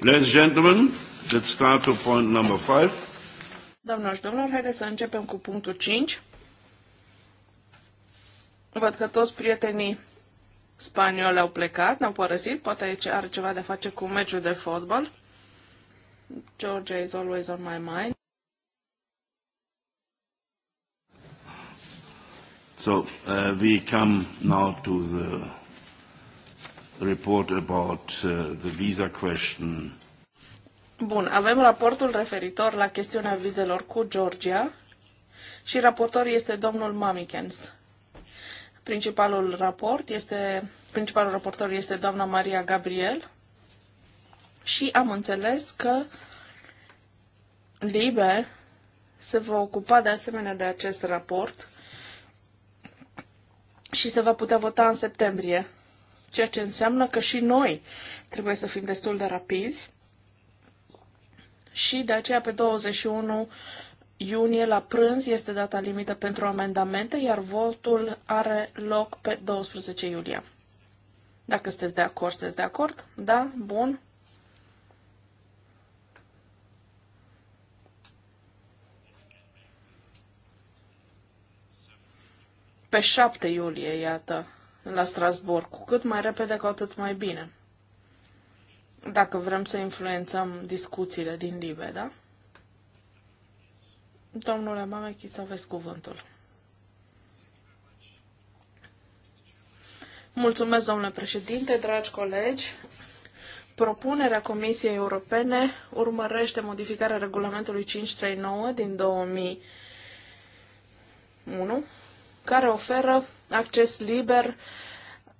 Ladies and gentlemen, let's start to point number five. Doamnelor și domnilor, haideți să începem cu punctul 5. Văd că toți prietenii spanioli au plecat, ne-au părăsit, poate aici are ceva de a face cu meciul de fotbal. Georgia is always on my mind. So, uh, we come now to the report about uh, the visa question. Bun, avem raportul referitor la chestiunea vizelor cu Georgia și raportor este domnul Mamikens. Principalul raport este, principalul raportor este doamna Maria Gabriel și am înțeles că Libe se va ocupa de asemenea de acest raport și se va putea vota în septembrie ceea ce înseamnă că și noi trebuie să fim destul de rapizi. Și de aceea pe 21 iunie la prânz este data limită pentru amendamente, iar votul are loc pe 12 iulie. Dacă sunteți de acord, sunteți de acord? Da? Bun. Pe 7 iulie, iată, la Strasbourg, cu cât mai repede, cu atât mai bine. Dacă vrem să influențăm discuțiile din Libe, da? Domnule Mamechi, să aveți cuvântul. Mulțumesc, domnule președinte, dragi colegi. Propunerea Comisiei Europene urmărește modificarea regulamentului 539 din 2001 care oferă acces liber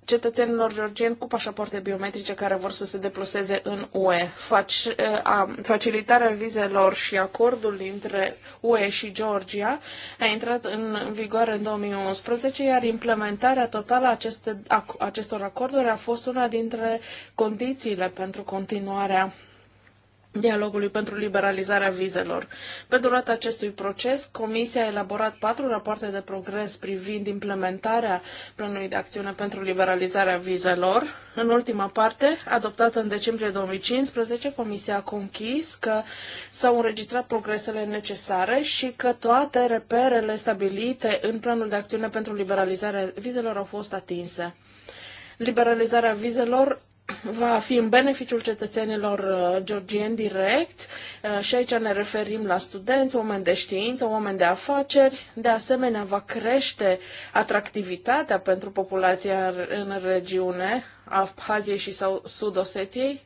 cetățenilor georgieni cu pașapoarte biometrice care vor să se deploseze în UE. Eh, facilitarea vizelor și acordul dintre UE și Georgia a intrat în vigoare în 2011, iar implementarea totală aceste, a, acestor acorduri a fost una dintre condițiile pentru continuarea dialogului pentru liberalizarea vizelor. Pe durata acestui proces, Comisia a elaborat patru rapoarte de progres privind implementarea planului de acțiune pentru liberalizarea vizelor. În ultima parte, adoptată în decembrie 2015, Comisia a conchis că s-au înregistrat progresele necesare și că toate reperele stabilite în planul de acțiune pentru liberalizarea vizelor au fost atinse liberalizarea vizelor va fi în beneficiul cetățenilor uh, georgieni direct uh, și aici ne referim la studenți, oameni de știință, oameni de afaceri. De asemenea, va crește atractivitatea pentru populația în regiune, Abhaziei și Sud-Osetiei,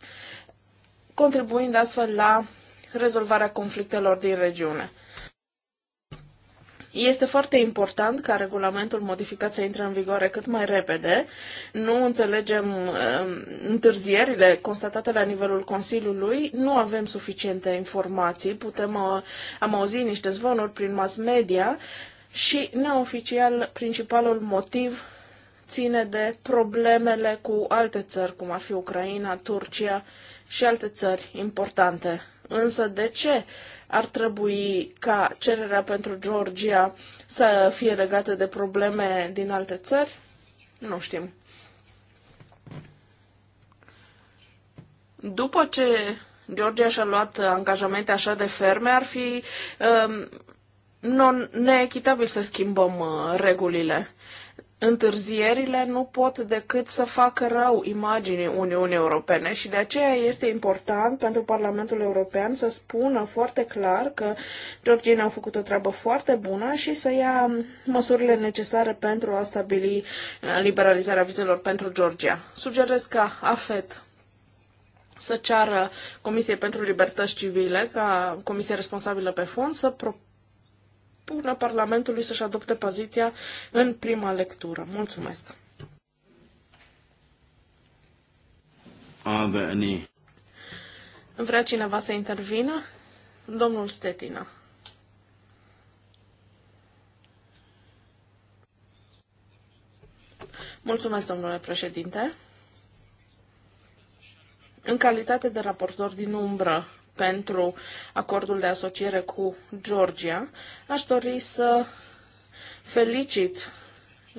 contribuind astfel la rezolvarea conflictelor din regiune. Este foarte important ca regulamentul modificat să intre în vigoare cât mai repede. Nu înțelegem um, întârzierile constatate la nivelul Consiliului, nu avem suficiente informații, putem, uh, am auzi niște zvonuri prin mass media și neoficial principalul motiv ține de problemele cu alte țări, cum ar fi Ucraina, Turcia și alte țări importante. Însă de ce ar trebui ca cererea pentru Georgia să fie legată de probleme din alte țări? Nu știm. După ce Georgia și-a luat angajamente așa de ferme, ar fi um, non, neechitabil să schimbăm uh, regulile. Întârzierile nu pot decât să facă rău imaginii Uniunii Europene și de aceea este important pentru Parlamentul European să spună foarte clar că Georgia a făcut o treabă foarte bună și să ia măsurile necesare pentru a stabili uh, liberalizarea vizelor pentru Georgia. Sugerez ca AFET să ceară Comisiei pentru Libertăți Civile, ca comisie responsabilă pe fond, să propună până Parlamentului să-și adopte poziția în prima lectură. Mulțumesc! Vrea cineva să intervină? Domnul Stetina. Mulțumesc, domnule președinte. În calitate de raportor din umbră pentru acordul de asociere cu Georgia. Aș dori să felicit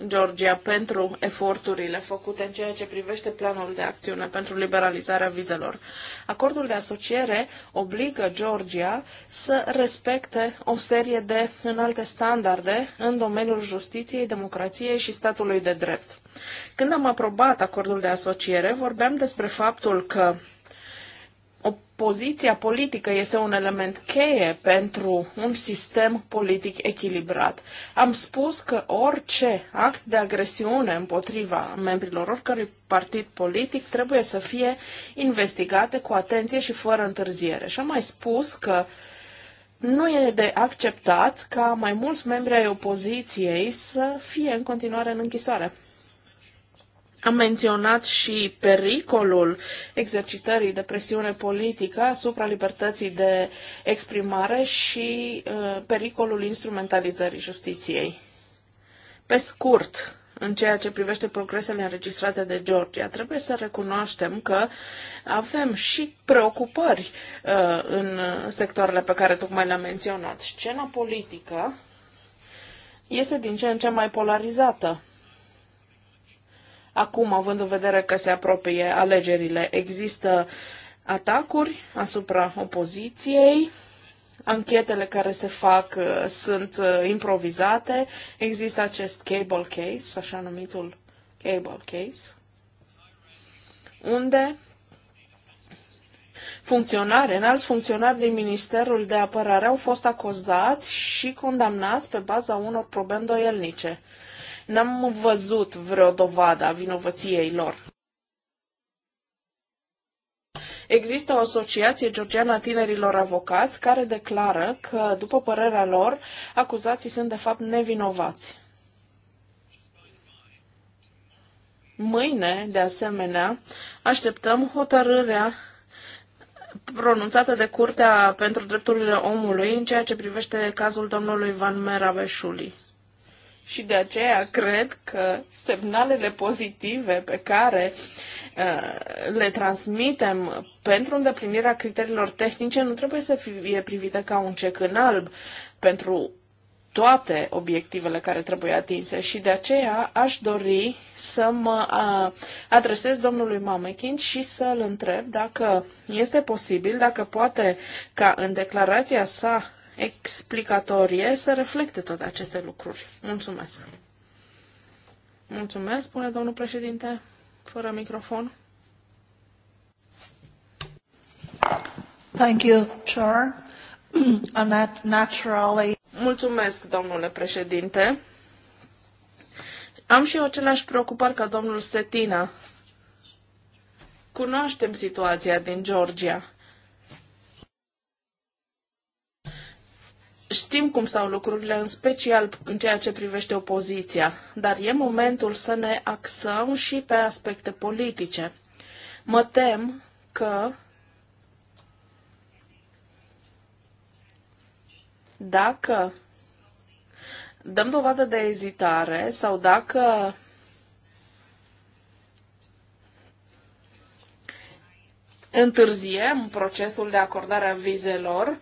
Georgia pentru eforturile făcute în ceea ce privește planul de acțiune pentru liberalizarea vizelor. Acordul de asociere obligă Georgia să respecte o serie de înalte standarde în domeniul justiției, democrației și statului de drept. Când am aprobat acordul de asociere, vorbeam despre faptul că poziția politică este un element cheie pentru un sistem politic echilibrat. Am spus că orice act de agresiune împotriva membrilor oricărui partid politic trebuie să fie investigate cu atenție și fără întârziere. Și am mai spus că nu e de acceptat ca mai mulți membri ai opoziției să fie în continuare în închisoare. Am menționat și pericolul exercitării de presiune politică asupra libertății de exprimare și uh, pericolul instrumentalizării justiției. Pe scurt, în ceea ce privește progresele înregistrate de Georgia, trebuie să recunoaștem că avem și preocupări uh, în sectoarele pe care tocmai le-am menționat. Scena politică este din ce în ce mai polarizată Acum, având în vedere că se apropie alegerile, există atacuri asupra opoziției, anchetele care se fac uh, sunt uh, improvizate, există acest cable case, așa numitul cable case, unde funcționari, înalți funcționari din Ministerul de Apărare au fost acuzați și condamnați pe baza unor probe îndoielnice. N-am văzut vreo dovadă a vinovăției lor. Există o asociație georgiană a tinerilor avocați care declară că, după părerea lor, acuzații sunt de fapt nevinovați. Mâine, de asemenea, așteptăm hotărârea pronunțată de Curtea pentru Drepturile Omului în ceea ce privește cazul domnului Van Merabeșului. Și de aceea cred că semnalele pozitive pe care uh, le transmitem pentru îndeplinirea criteriilor tehnice nu trebuie să fie privite ca un cec în alb pentru toate obiectivele care trebuie atinse și de aceea aș dori să mă uh, adresez domnului Mamechin și să-l întreb dacă este posibil, dacă poate ca în declarația sa explicatorie să reflecte toate aceste lucruri. Mulțumesc! Mulțumesc, spune domnul președinte, fără microfon. Thank you, Chair. Naturally. Mulțumesc, domnule președinte. Am și eu aceleași preocupări ca domnul Setina. Cunoaștem situația din Georgia Știm cum stau lucrurile, în special în ceea ce privește opoziția, dar e momentul să ne axăm și pe aspecte politice. Mă tem că dacă dăm dovadă de ezitare sau dacă întârziem procesul de acordare a vizelor,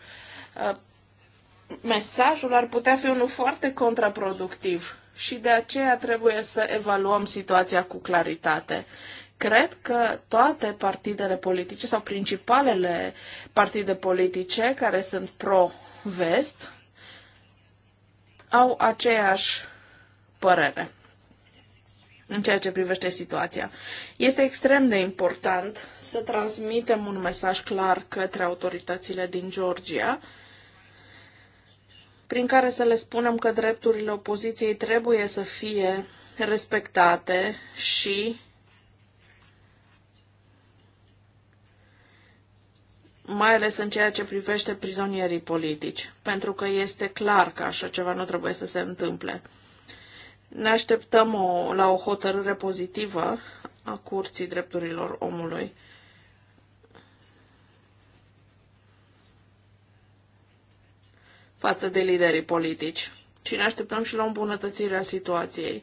mesajul ar putea fi unul foarte contraproductiv și de aceea trebuie să evaluăm situația cu claritate. Cred că toate partidele politice sau principalele partide politice care sunt pro-vest au aceeași părere în ceea ce privește situația. Este extrem de important să transmitem un mesaj clar către autoritățile din Georgia prin care să le spunem că drepturile opoziției trebuie să fie respectate și mai ales în ceea ce privește prizonierii politici, pentru că este clar că așa ceva nu trebuie să se întâmple. Ne așteptăm o, la o hotărâre pozitivă a Curții Drepturilor Omului față de liderii politici și ne așteptăm și la îmbunătățirea situației.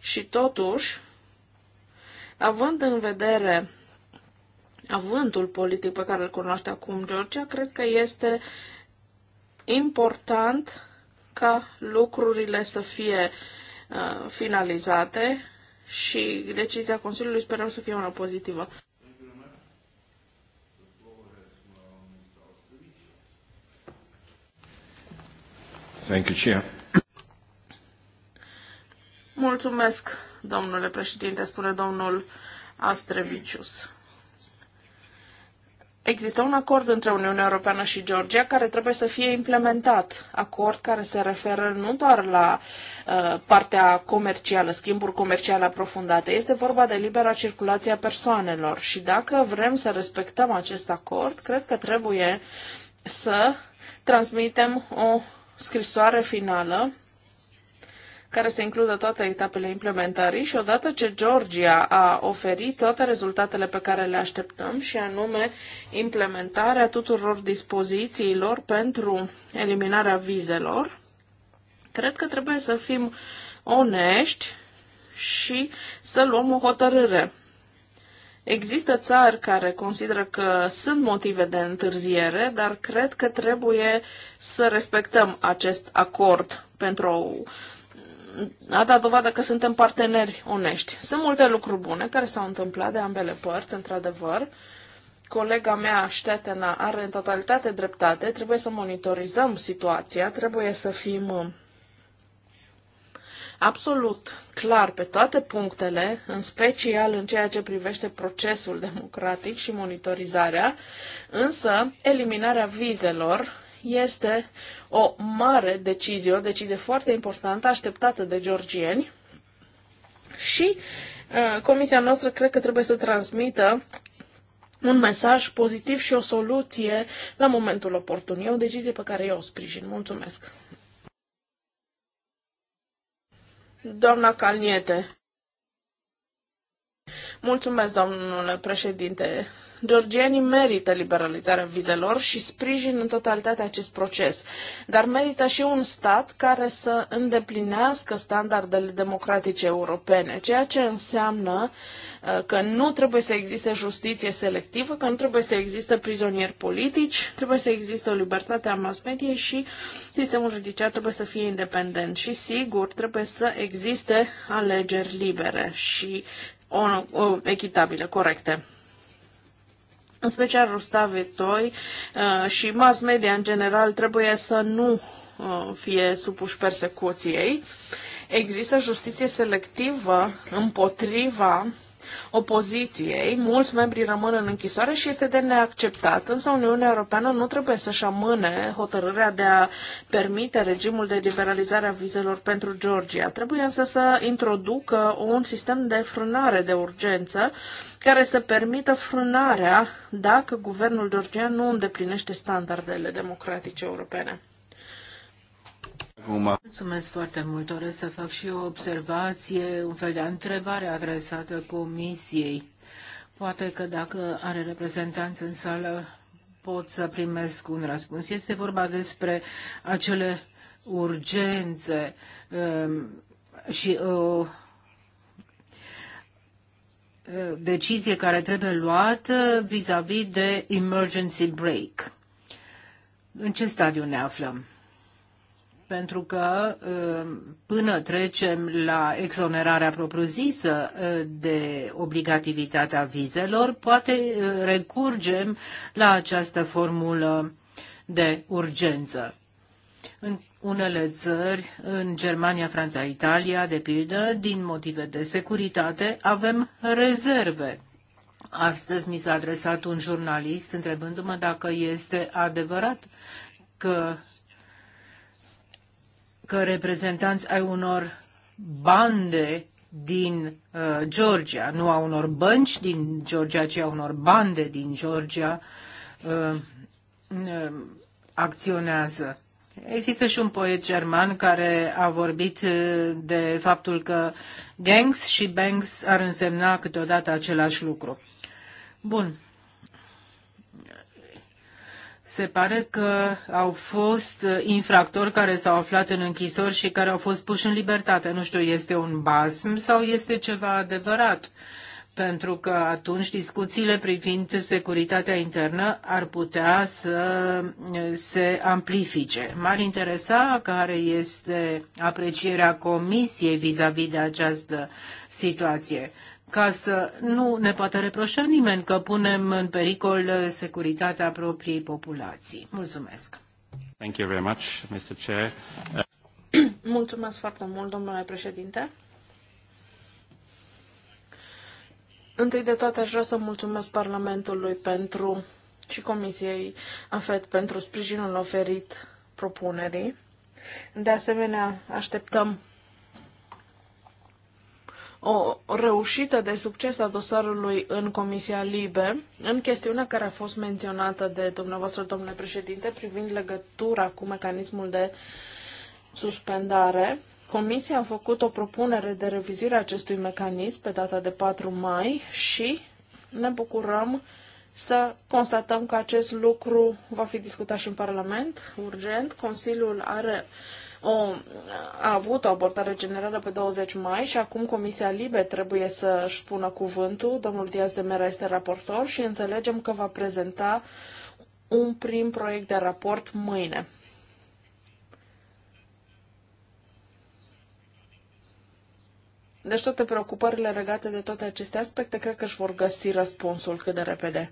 Și totuși, având în vedere avântul politic pe care îl cunoaște acum Georgia, cred că este important ca lucrurile să fie uh, finalizate și decizia Consiliului sperăm să fie una pozitivă. Thank you, Chair. Mulțumesc, domnule președinte, spune domnul Astrevicius. Există un acord între Uniunea Europeană și Georgia care trebuie să fie implementat. Acord care se referă nu doar la uh, partea comercială, schimburi comerciale aprofundate. Este vorba de libera circulație a persoanelor. Și dacă vrem să respectăm acest acord, cred că trebuie să transmitem o scrisoare finală care să includă toate etapele implementării și odată ce Georgia a oferit toate rezultatele pe care le așteptăm și anume implementarea tuturor dispozițiilor pentru eliminarea vizelor, cred că trebuie să fim onești și să luăm o hotărâre. Există țări care consideră că sunt motive de întârziere, dar cred că trebuie să respectăm acest acord pentru a da dovadă că suntem parteneri onești. Sunt multe lucruri bune care s-au întâmplat de ambele părți, într-adevăr. Colega mea, Ștetena, are în totalitate dreptate. Trebuie să monitorizăm situația, trebuie să fim absolut clar pe toate punctele, în special în ceea ce privește procesul democratic și monitorizarea, însă eliminarea vizelor este o mare decizie, o decizie foarte importantă așteptată de georgieni și uh, comisia noastră cred că trebuie să transmită un mesaj pozitiv și o soluție la momentul oportun. E o decizie pe care eu o sprijin. Mulțumesc! Doamna Calniete. Mulțumesc, domnule președinte. Georgienii merită liberalizarea vizelor și sprijin în totalitate acest proces, dar merită și un stat care să îndeplinească standardele democratice europene, ceea ce înseamnă uh, că nu trebuie să existe justiție selectivă, că nu trebuie să existe prizonieri politici, trebuie să existe o libertate a mass și sistemul judiciar trebuie să fie independent și sigur trebuie să existe alegeri libere și o, o, echitabile, corecte în special Rustavetoi uh, și mass media în general trebuie să nu uh, fie supuși persecuției. Există justiție selectivă împotriva opoziției, mulți membri rămân în închisoare și este de neacceptat, însă Uniunea Europeană nu trebuie să-și amâne hotărârea de a permite regimul de liberalizare a vizelor pentru Georgia. Trebuie însă să introducă un sistem de frânare de urgență care să permită frânarea dacă guvernul georgian nu îndeplinește standardele democratice europene. Mulțumesc foarte mult. Doresc să fac și o observație, un fel de întrebare adresată Comisiei. Poate că dacă are reprezentanți în sală, pot să primesc un răspuns. Este vorba despre acele urgențe um, și o uh, decizie care trebuie luată vis-a-vis -vis de emergency break. În ce stadiu ne aflăm? pentru că uh, până trecem la exonerarea propriu-zisă uh, de obligativitatea vizelor, poate uh, recurgem la această formulă de urgență. În unele țări, în Germania, Franța, Italia, de pildă, din motive de securitate, avem rezerve. Astăzi mi s-a adresat un jurnalist întrebându-mă dacă este adevărat că că reprezentanți ai unor bande din uh, Georgia, nu a unor bănci din Georgia, ci a unor bande din Georgia, uh, uh, acționează. Există și un poet german care a vorbit uh, de faptul că gangs și banks ar însemna câteodată același lucru. Bun, se pare că au fost uh, infractori care s-au aflat în închisori și care au fost puși în libertate. Nu știu, este un basm sau este ceva adevărat? Pentru că atunci discuțiile privind securitatea internă ar putea să uh, se amplifice. M-ar interesa care este aprecierea Comisiei vis-a-vis -vis de această situație ca să nu ne poată reproșa nimeni că punem în pericol uh, securitatea propriei populații. Mulțumesc. Thank you very much, Mr. Chair. Mulțumesc foarte mult, domnule președinte. Întâi de toate aș vrea să mulțumesc Parlamentului pentru și Comisiei AFET pentru sprijinul oferit propunerii. De asemenea, așteptăm o reușită de succes a dosarului în Comisia Libe, în chestiunea care a fost menționată de dumneavoastră, domnule președinte, privind legătura cu mecanismul de suspendare. Comisia a făcut o propunere de revizuire a acestui mecanism pe data de 4 mai și ne bucurăm să constatăm că acest lucru va fi discutat și în Parlament urgent. Consiliul are o, a avut o abordare generală pe 20 mai și acum Comisia Libe trebuie să-și spună cuvântul. Domnul Diaz de Mera este raportor și înțelegem că va prezenta un prim proiect de raport mâine. Deci toate preocupările legate de toate aceste aspecte cred că își vor găsi răspunsul cât de repede.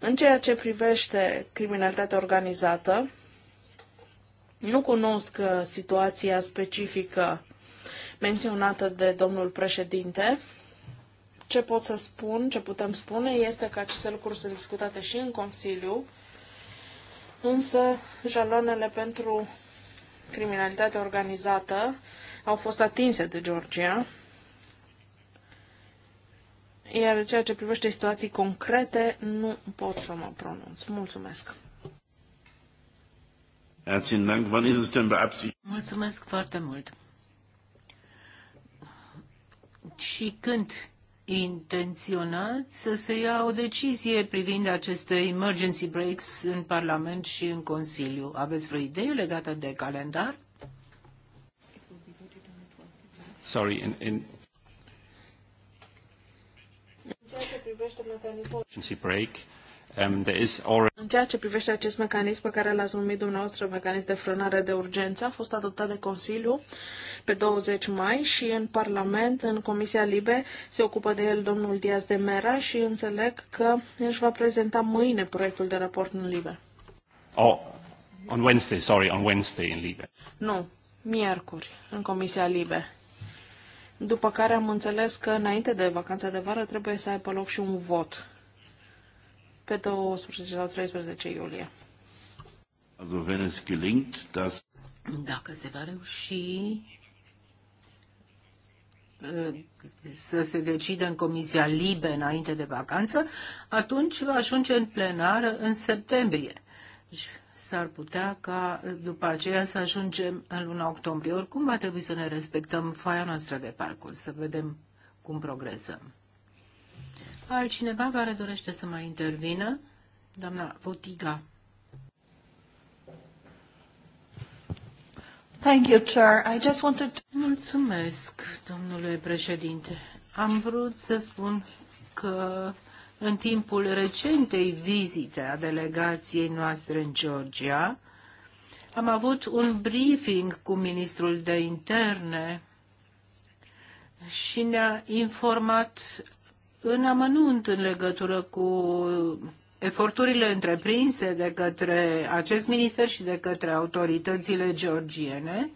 În ceea ce privește criminalitatea organizată, nu cunosc uh, situația specifică menționată de domnul președinte. Ce pot să spun, ce putem spune, este că aceste lucruri sunt discutate și în Consiliu, însă jaloanele pentru criminalitatea organizată au fost atinse de Georgia, iar în ceea ce privește situații concrete, nu pot să mă pronunț. Mulțumesc! Herzlichen Dank. Wann ist es denn beabsichtigt? Mulțumesc foarte mult. Și când intenționat să se ia o decizie privind aceste emergency breaks în Parlament și în Consiliu. Aveți vreo idee legată de calendar? Sorry, in, in... ceea ce privește mecanismul break, Um, în ceea ce privește acest mecanism pe care l-ați numit dumneavoastră mecanism de frânare de urgență, a fost adoptat de Consiliu pe 20 mai și în Parlament, în Comisia Libe, se ocupă de el domnul Diaz de Mera și înțeleg că își va prezenta mâine proiectul de raport în Libe. Oh, on Wednesday, sorry, on Wednesday în Libe. Nu, miercuri, în Comisia Libe. După care am înțeles că înainte de vacanța de vară trebuie să aibă loc și un vot pe 12 sau 13 iulie. Also wenn es gelingt, dass dacă se va reuși uh, să se decidă în Comisia Libe înainte de vacanță, atunci va ajunge în plenară în septembrie. Deci, s-ar putea ca uh, după aceea să ajungem în luna octombrie. Oricum va trebui să ne respectăm foaia noastră de parcurs, să vedem cum progresăm. Altcineva care dorește să mai intervină? Doamna Votiga. Thank you, Chair. I just wanted to... Mulțumesc, domnule președinte. Am vrut să spun că în timpul recentei vizite a delegației noastre în Georgia, am avut un briefing cu ministrul de interne și ne-a informat în amănunt în legătură cu eforturile întreprinse de către acest minister și de către autoritățile georgiene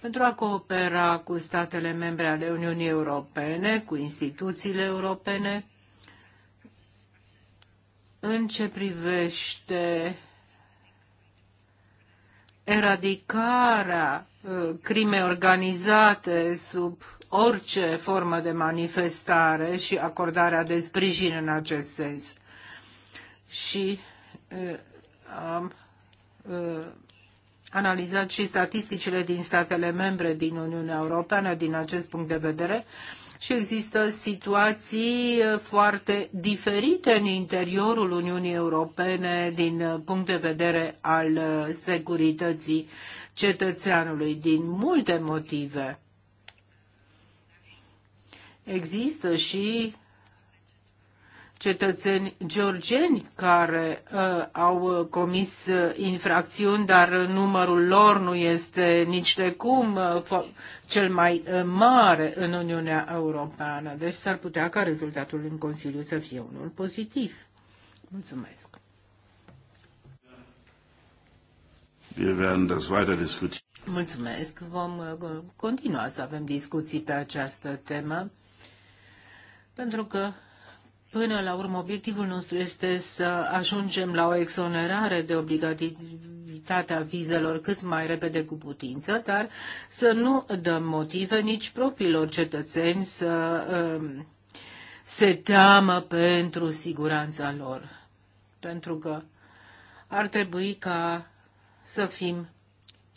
pentru a coopera cu statele membre ale Uniunii Europene, cu instituțiile europene, în ce privește eradicarea uh, crimei organizate sub orice formă de manifestare și acordarea de sprijin în acest sens. Și am analizat și statisticile din statele membre din Uniunea Europeană din acest punct de vedere și există situații foarte diferite în interiorul Uniunii Europene din punct de vedere al securității cetățeanului din multe motive. Există și cetățeni georgieni care uh, au comis uh, infracțiuni, dar numărul lor nu este nici de cum uh, cel mai uh, mare în Uniunea Europeană. Deci s-ar putea ca rezultatul în Consiliu să fie unul pozitiv. Mulțumesc. Mulțumesc. Vom uh, continua să avem discuții pe această temă pentru că Până la urmă, obiectivul nostru este să ajungem la o exonerare de obligativitatea vizelor cât mai repede cu putință, dar să nu dăm motive nici propriilor cetățeni să um, se teamă pentru siguranța lor. Pentru că ar trebui ca să fim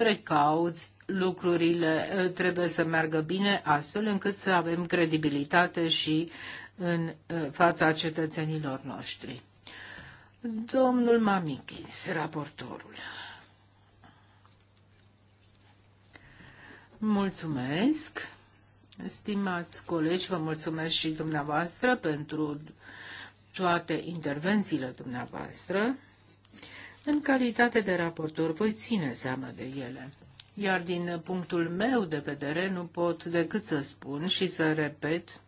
precauți, lucrurile uh, trebuie să meargă bine astfel încât să avem credibilitate și în uh, fața cetățenilor noștri. Domnul Mamichis, raportorul. Mulțumesc, stimați colegi, vă mulțumesc și dumneavoastră pentru toate intervențiile dumneavoastră. În calitate de raportor voi ține seama de ele. Iar din punctul meu de vedere nu pot decât să spun și să repet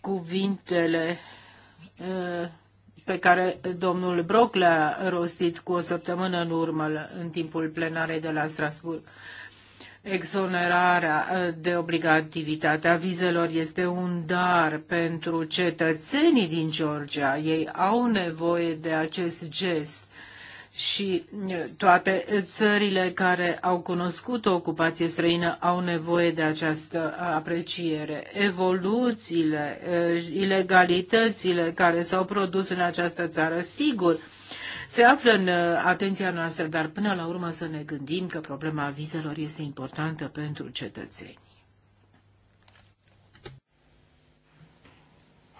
cuvintele pe care domnul Brock le-a rostit cu o săptămână în urmă în timpul plenarei de la Strasburg. Exonerarea ă, de obligativitatea vizelor este un dar pentru cetățenii din Georgia. Ei au nevoie de acest gest și toate țările care au cunoscut o ocupație străină au nevoie de această apreciere. Evoluțiile, ilegalitățile care s-au produs în această țară, sigur, se află în atenția noastră, dar până la urmă să ne gândim că problema vizelor este importantă pentru cetățeni.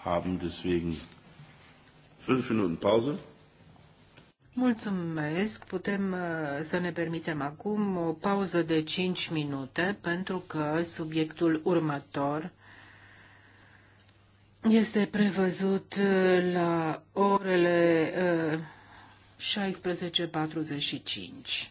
Haben deswegen fünf Minuten Pause. Mulțumesc. Putem uh, să ne permitem acum o pauză de 5 minute pentru că subiectul următor este prevăzut uh, la orele 16.45. Uh,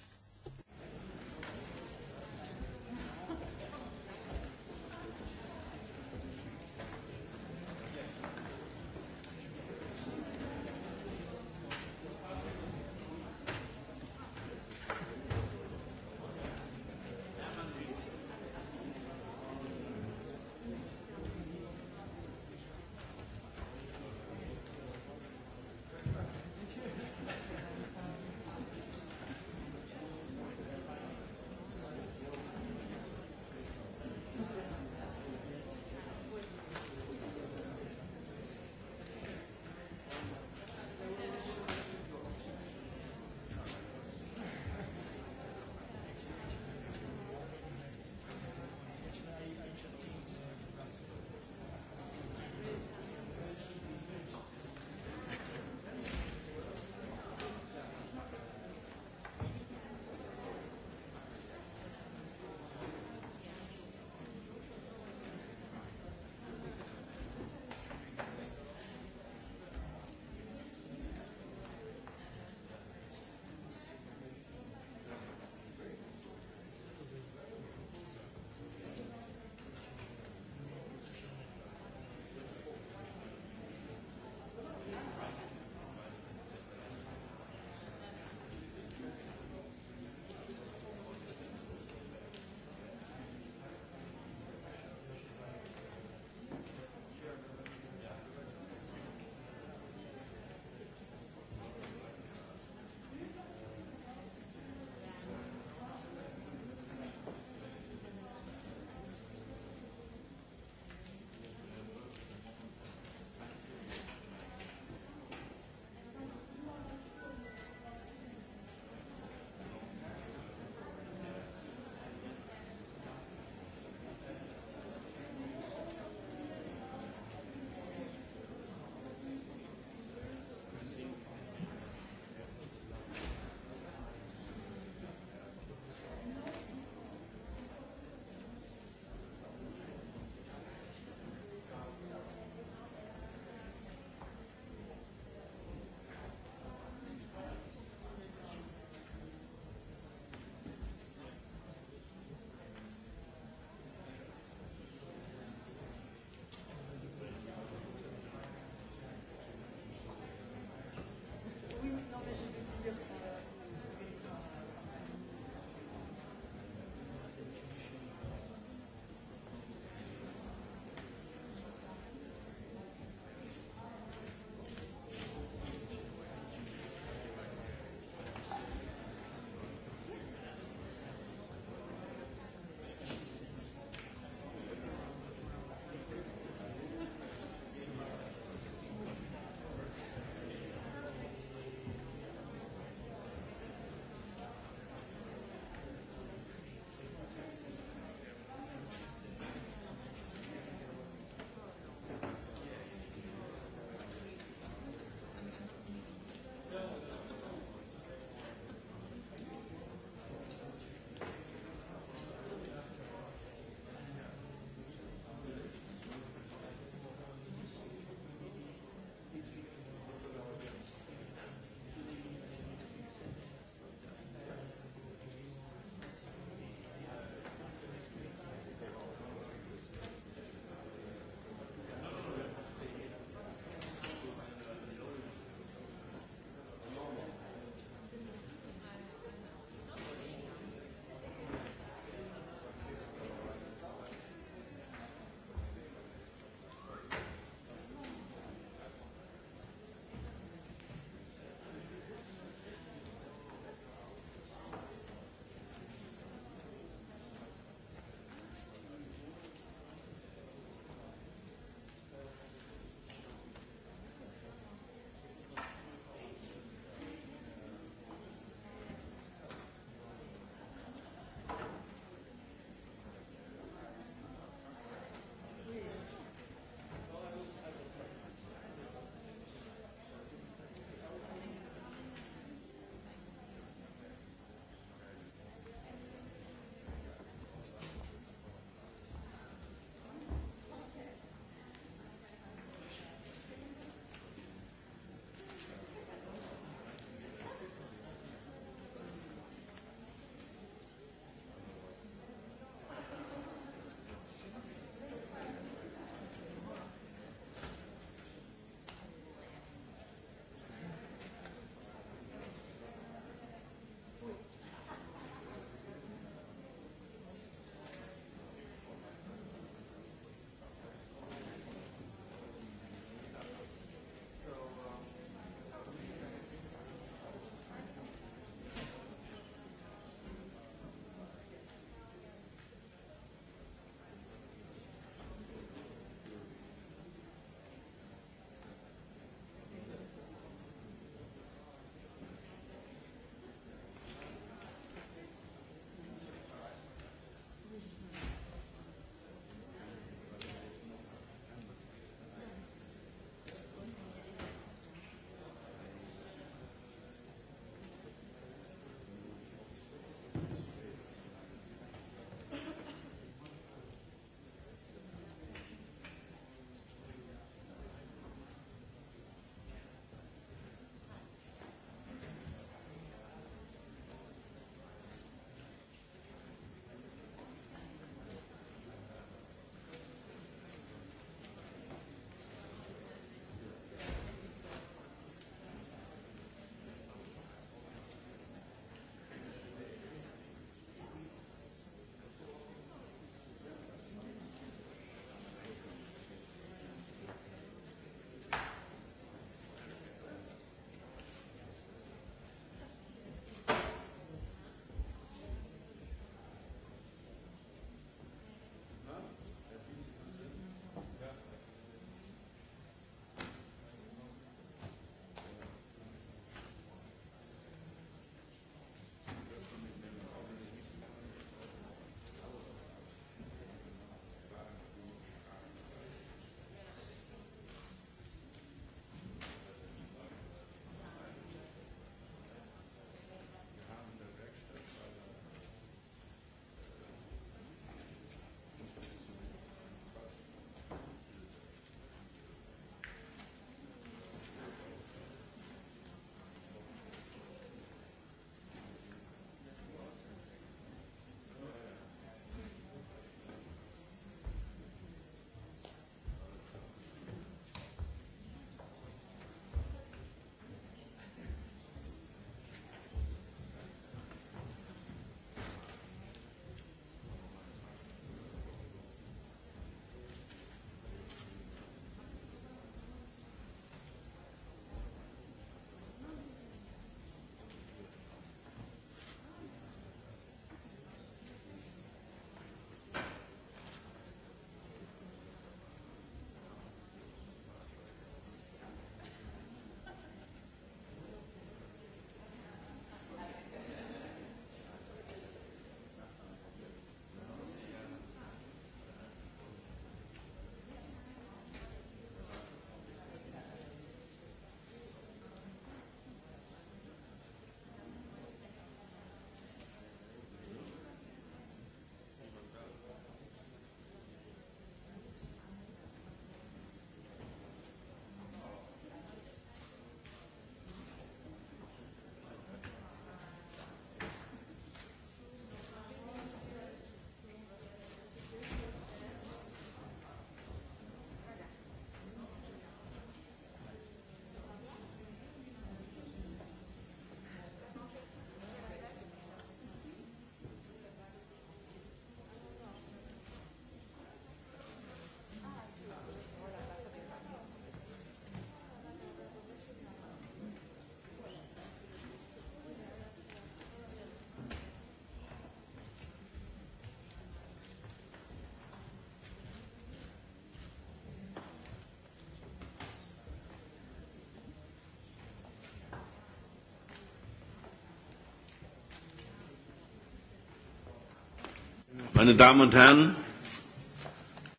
Meine Damen und Herren,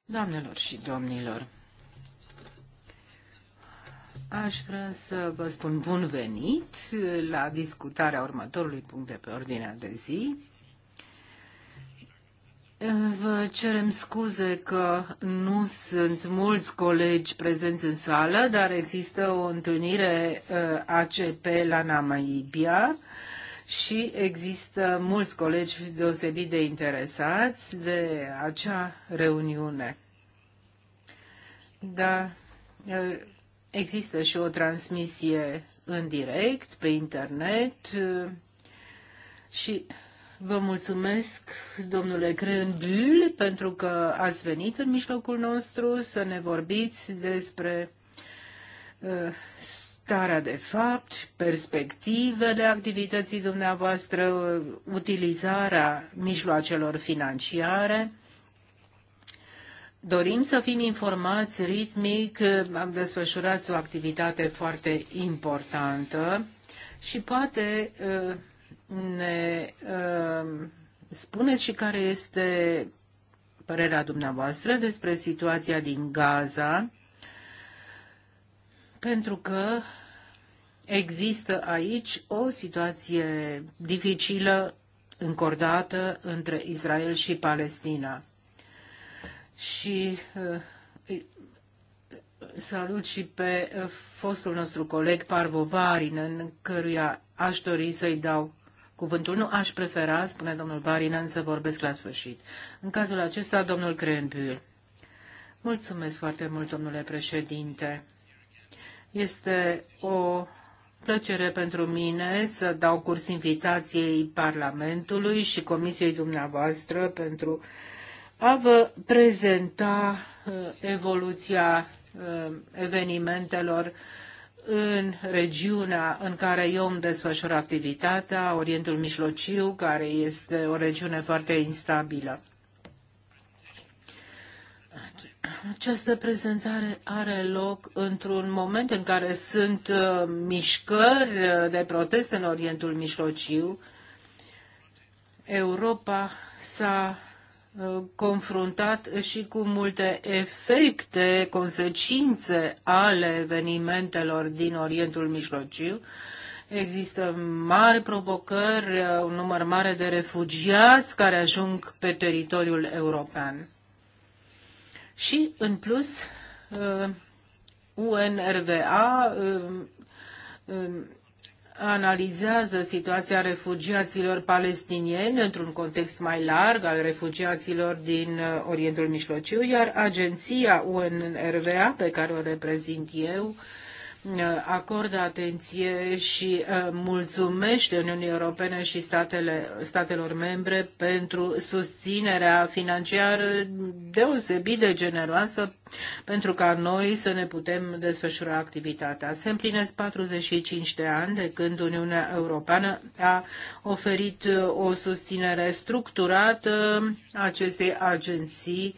Doamnelor și domnilor, aș vrea să vă spun bun venit la discutarea următorului punct de pe ordinea de zi. Vă cerem scuze că nu sunt mulți colegi prezenți în sală, dar există o întâlnire uh, ACP la Namaibia și există mulți colegi deosebit de interesați de acea reuniune. Da, există și o transmisie în direct, pe internet și Vă mulțumesc, domnule Crenbul, pentru că ați venit în mijlocul nostru să ne vorbiți despre uh, starea de fapt, perspectivele activității dumneavoastră, utilizarea mijloacelor financiare. Dorim să fim informați ritmic, am desfășurat o activitate foarte importantă și poate uh, ne uh, spuneți și care este părerea dumneavoastră despre situația din Gaza, pentru că există aici o situație dificilă încordată între Israel și Palestina. Și uh, salut și pe uh, fostul nostru coleg Parvovarin, în căruia aș dori să-i dau cuvântul. Nu aș prefera, spune domnul Varinen, să vorbesc la sfârșit. În cazul acesta, domnul Crenbül. Mulțumesc foarte mult, domnule președinte. Este o plăcere pentru mine să dau curs invitației Parlamentului și Comisiei dumneavoastră pentru a vă prezenta uh, evoluția uh, evenimentelor în regiunea în care eu îmi desfășor activitatea, Orientul Mijlociu, care este o regiune foarte instabilă. Această prezentare are loc într-un moment în care sunt uh, mișcări uh, de protest în Orientul Mijlociu. Europa s-a uh, confruntat și cu multe efecte, consecințe ale evenimentelor din Orientul Mijlociu. Există mari provocări, un număr mare de refugiați care ajung pe teritoriul european și, în plus, UNRWA uh, uh, uh, analizează situația refugiaților palestinieni într-un context mai larg al refugiaților din Orientul Mijlociu, iar agenția UNRWA, pe care o reprezint eu, acordă atenție și uh, mulțumește Uniunii Europene și statele, statelor membre pentru susținerea financiară deosebit de generoasă pentru ca noi să ne putem desfășura activitatea. Se împlinesc 45 de ani de când Uniunea Europeană a oferit uh, o susținere structurată acestei agenții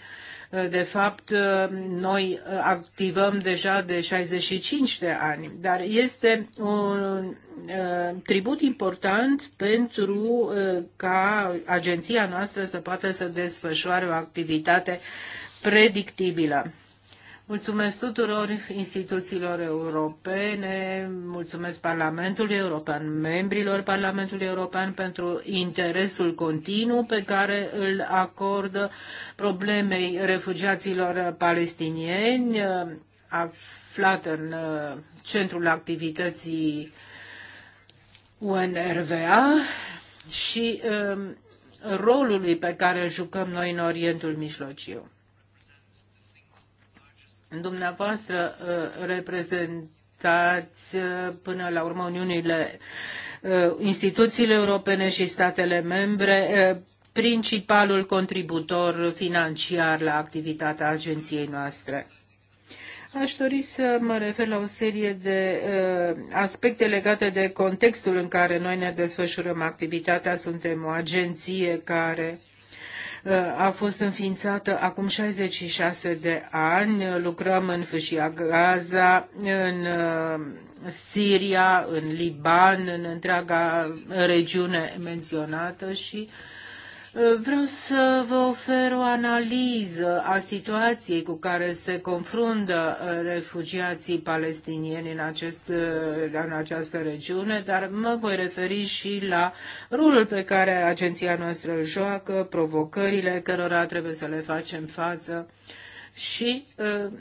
Eh, de fapt, eh, noi activăm deja de 65 de ani, dar este un eh, tribut important pentru ca agenția noastră să poată să desfășoare o activitate predictibilă. Mulțumesc tuturor instituțiilor europene, mulțumesc Parlamentului European, membrilor Parlamentului European pentru interesul continuu pe care îl acordă problemei refugiaților palestinieni aflat în uh, centrul activității UNRWA și uh, rolului pe care îl jucăm noi în Orientul Mijlociu. Dumneavoastră uh, reprezentați uh, până la urmă Uniunile, uh, instituțiile europene și statele membre, principalul contributor financiar la activitatea agenției noastre. Aș dori să mă refer la o serie de uh, aspecte legate de contextul în care noi ne desfășurăm activitatea. Suntem o agenție care uh, Uh, a fost înființată acum 66 de ani. Lucrăm în Fâșia Gaza, în uh, Siria, în Liban, în întreaga regiune menționată și uh, Vreau să vă ofer o analiză a situației cu care se confruntă uh, refugiații palestinieni în, acest, uh, în această regiune, dar mă voi referi și la rolul pe care agenția noastră îl joacă, provocările cărora trebuie să le facem față și uh,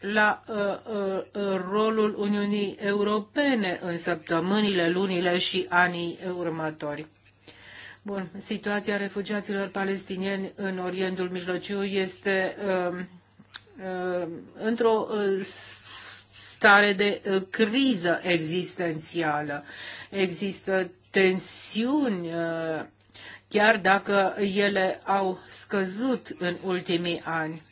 la uh, uh, rolul Uniunii Europene în săptămânile, lunile și anii următori. Bun, situația refugiaților palestinieni în Orientul Mijlociu este uh, uh, într-o uh, stare de uh, criză existențială. Există tensiuni, uh, chiar dacă ele au scăzut în ultimii ani.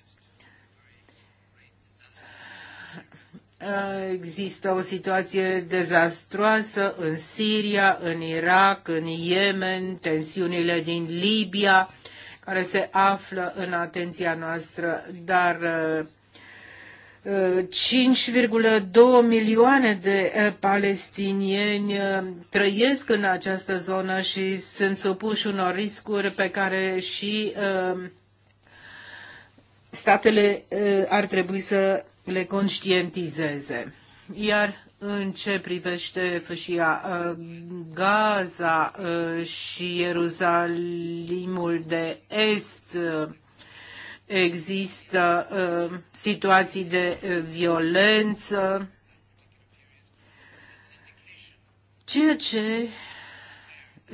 Există o situație dezastruoasă în Siria, în Irak, în Yemen, tensiunile din Libia, care se află în atenția noastră, dar 5,2 uh, uh, milioane de uh, palestinieni trăiesc în această zonă și sunt supuși unor riscuri pe care și statele ar trebui să le conștientizeze. Iar în ce privește fâșia uh, Gaza uh, și Ierusalimul de Est, uh, există situații de violență, ceea ce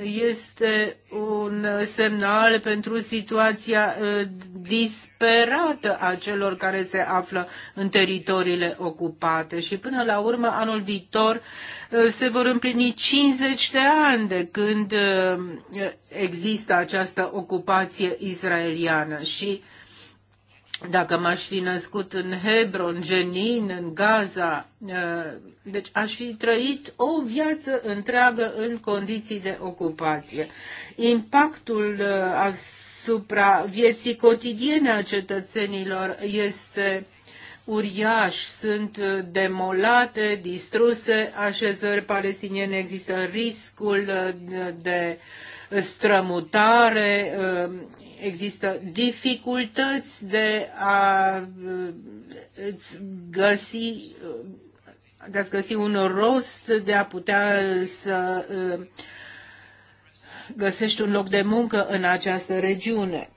este un semnal pentru situația uh, disperată a celor care se află în teritoriile ocupate. Și până la urmă, anul viitor uh, se vor împlini 50 de ani de când uh, există această ocupație israeliană. Și uh, dacă m-aș fi născut în Hebron, Jenin, în Gaza, uh, deci aș fi trăit o viață întreagă în condiții de ocupație. Impactul uh, asupra vieții cotidiene a cetățenilor este uriaș, sunt uh, demolate, distruse așezări palestiniene, există riscul de de strămutare, um, există dificultăți de a uh, găsi uh, de a găsi un rost, de a putea să uh, găsești un loc de muncă în această regiune.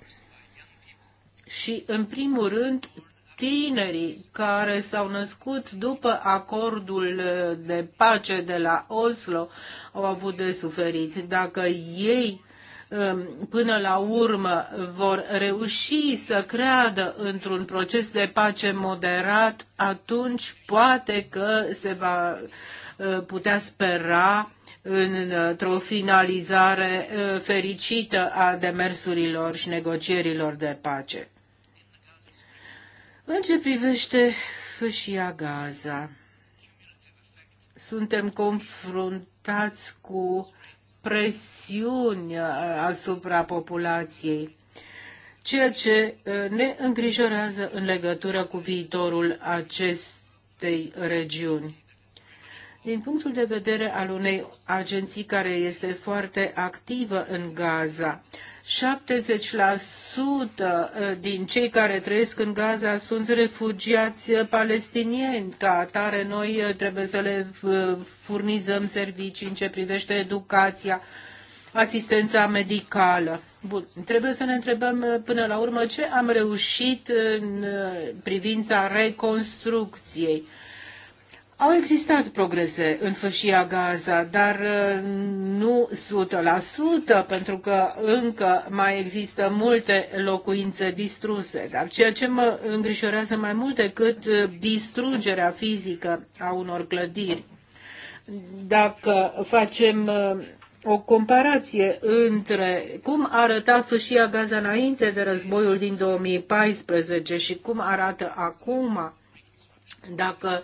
Și, în primul rând, tinerii care s-au născut după acordul de pace de la Oslo au avut de suferit. Dacă ei um, până la urmă vor reuși să creadă într-un proces de pace moderat, atunci poate că se va uh, putea spera într-o finalizare uh, fericită a demersurilor și negocierilor de pace. În ce privește fâșia Gaza, suntem confruntați cu presiuni uh, asupra populației, ceea ce uh, ne îngrijorează în legătură cu viitorul acestei regiuni. Din punctul de vedere al unei agenții care este foarte activă în Gaza, 70% uh, din cei care trăiesc în Gaza sunt refugiați uh, palestinieni. Ca atare, noi uh, trebuie să le furnizăm servicii în ce privește educația, asistența medicală. Bun. Trebuie să ne întrebăm până la urmă ce am reușit în privința reconstrucției. Au existat progrese în fâșia Gaza, dar uh, nu 100%, pentru că încă mai există multe locuințe distruse. Dar ceea ce mă îngrijorează mai mult decât uh, distrugerea fizică a unor clădiri, dacă facem uh, o comparație între cum arăta fâșia Gaza înainte de războiul din 2014 și cum arată acum, dacă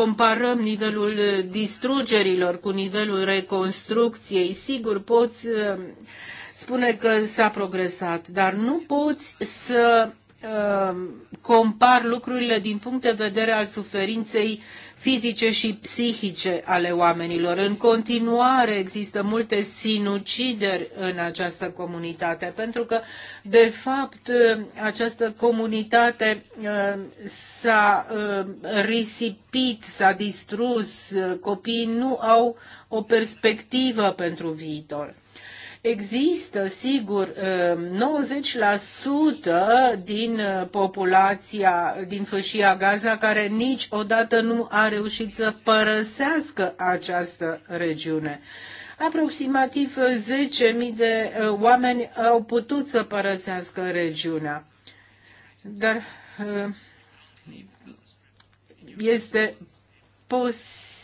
comparăm nivelul distrugerilor cu nivelul reconstrucției, sigur poți uh, spune că s-a progresat, dar nu poți să uh, compar lucrurile din punct de vedere al suferinței uh, fizice și psihice ale oamenilor. În continuare există multe sinucideri în această comunitate, pentru că, de fapt, această comunitate uh, s-a uh, risipit, s-a distrus, copiii nu au o perspectivă pentru viitor. Există, sigur, 90% um, din uh, populația din fâșia Gaza care niciodată nu a reușit să părăsească această regiune. Aproximativ 10.000 de uh, oameni au putut să părăsească regiunea. Dar uh, este posibil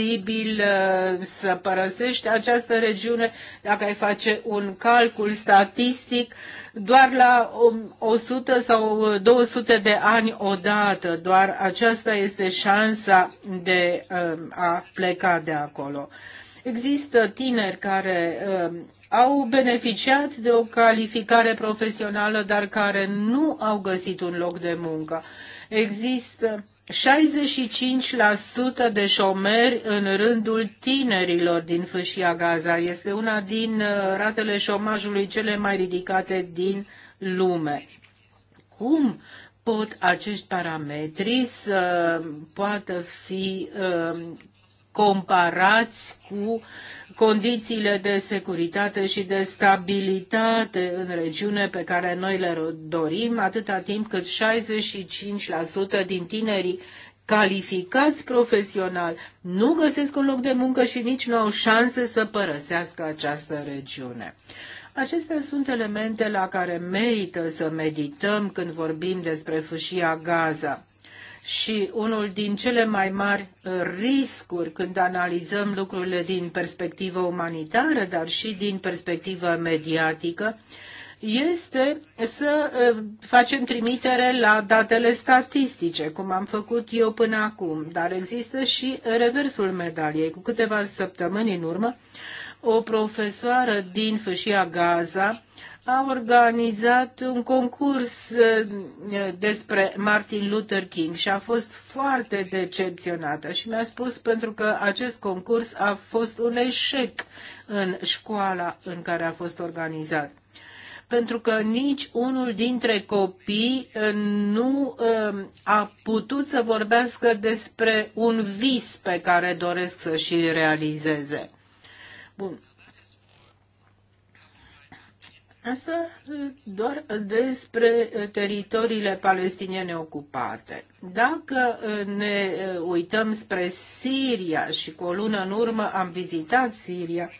posibil uh, să părăsești această regiune, dacă ai face un calcul statistic, doar la 100 um, sau 200 de ani odată, doar aceasta este șansa de um, a pleca de acolo. Există tineri care uh, au beneficiat de o calificare profesională, dar care nu au găsit un loc de muncă. Există 65% de șomeri în rândul tinerilor din Fâșia Gaza. Este una din uh, ratele șomajului cele mai ridicate din lume. Cum pot acești parametri să poată fi uh, comparați cu condițiile de securitate și de stabilitate în regiune pe care noi le dorim, atâta timp cât 65% din tinerii calificați profesional nu găsesc un loc de muncă și nici nu au șanse să părăsească această regiune. Acestea sunt elemente la care merită să medităm când vorbim despre fâșia Gaza și unul din cele mai mari uh, riscuri când analizăm lucrurile din perspectivă umanitară, dar și din perspectivă mediatică, este să uh, facem trimitere la datele statistice, cum am făcut eu până acum, dar există și reversul medaliei. Cu câteva săptămâni în urmă, o profesoară din Fâșia Gaza a organizat un concurs eh, despre Martin Luther King și a fost foarte decepționată și mi-a spus pentru că acest concurs a fost un eșec în școala în care a fost organizat. Pentru că nici unul dintre copii eh, nu eh, a putut să vorbească despre un vis pe care doresc să și realizeze. Bun. Asta doar despre teritoriile palestiniene ocupate. Dacă ne uităm spre Siria și cu o lună în urmă am vizitat Siria,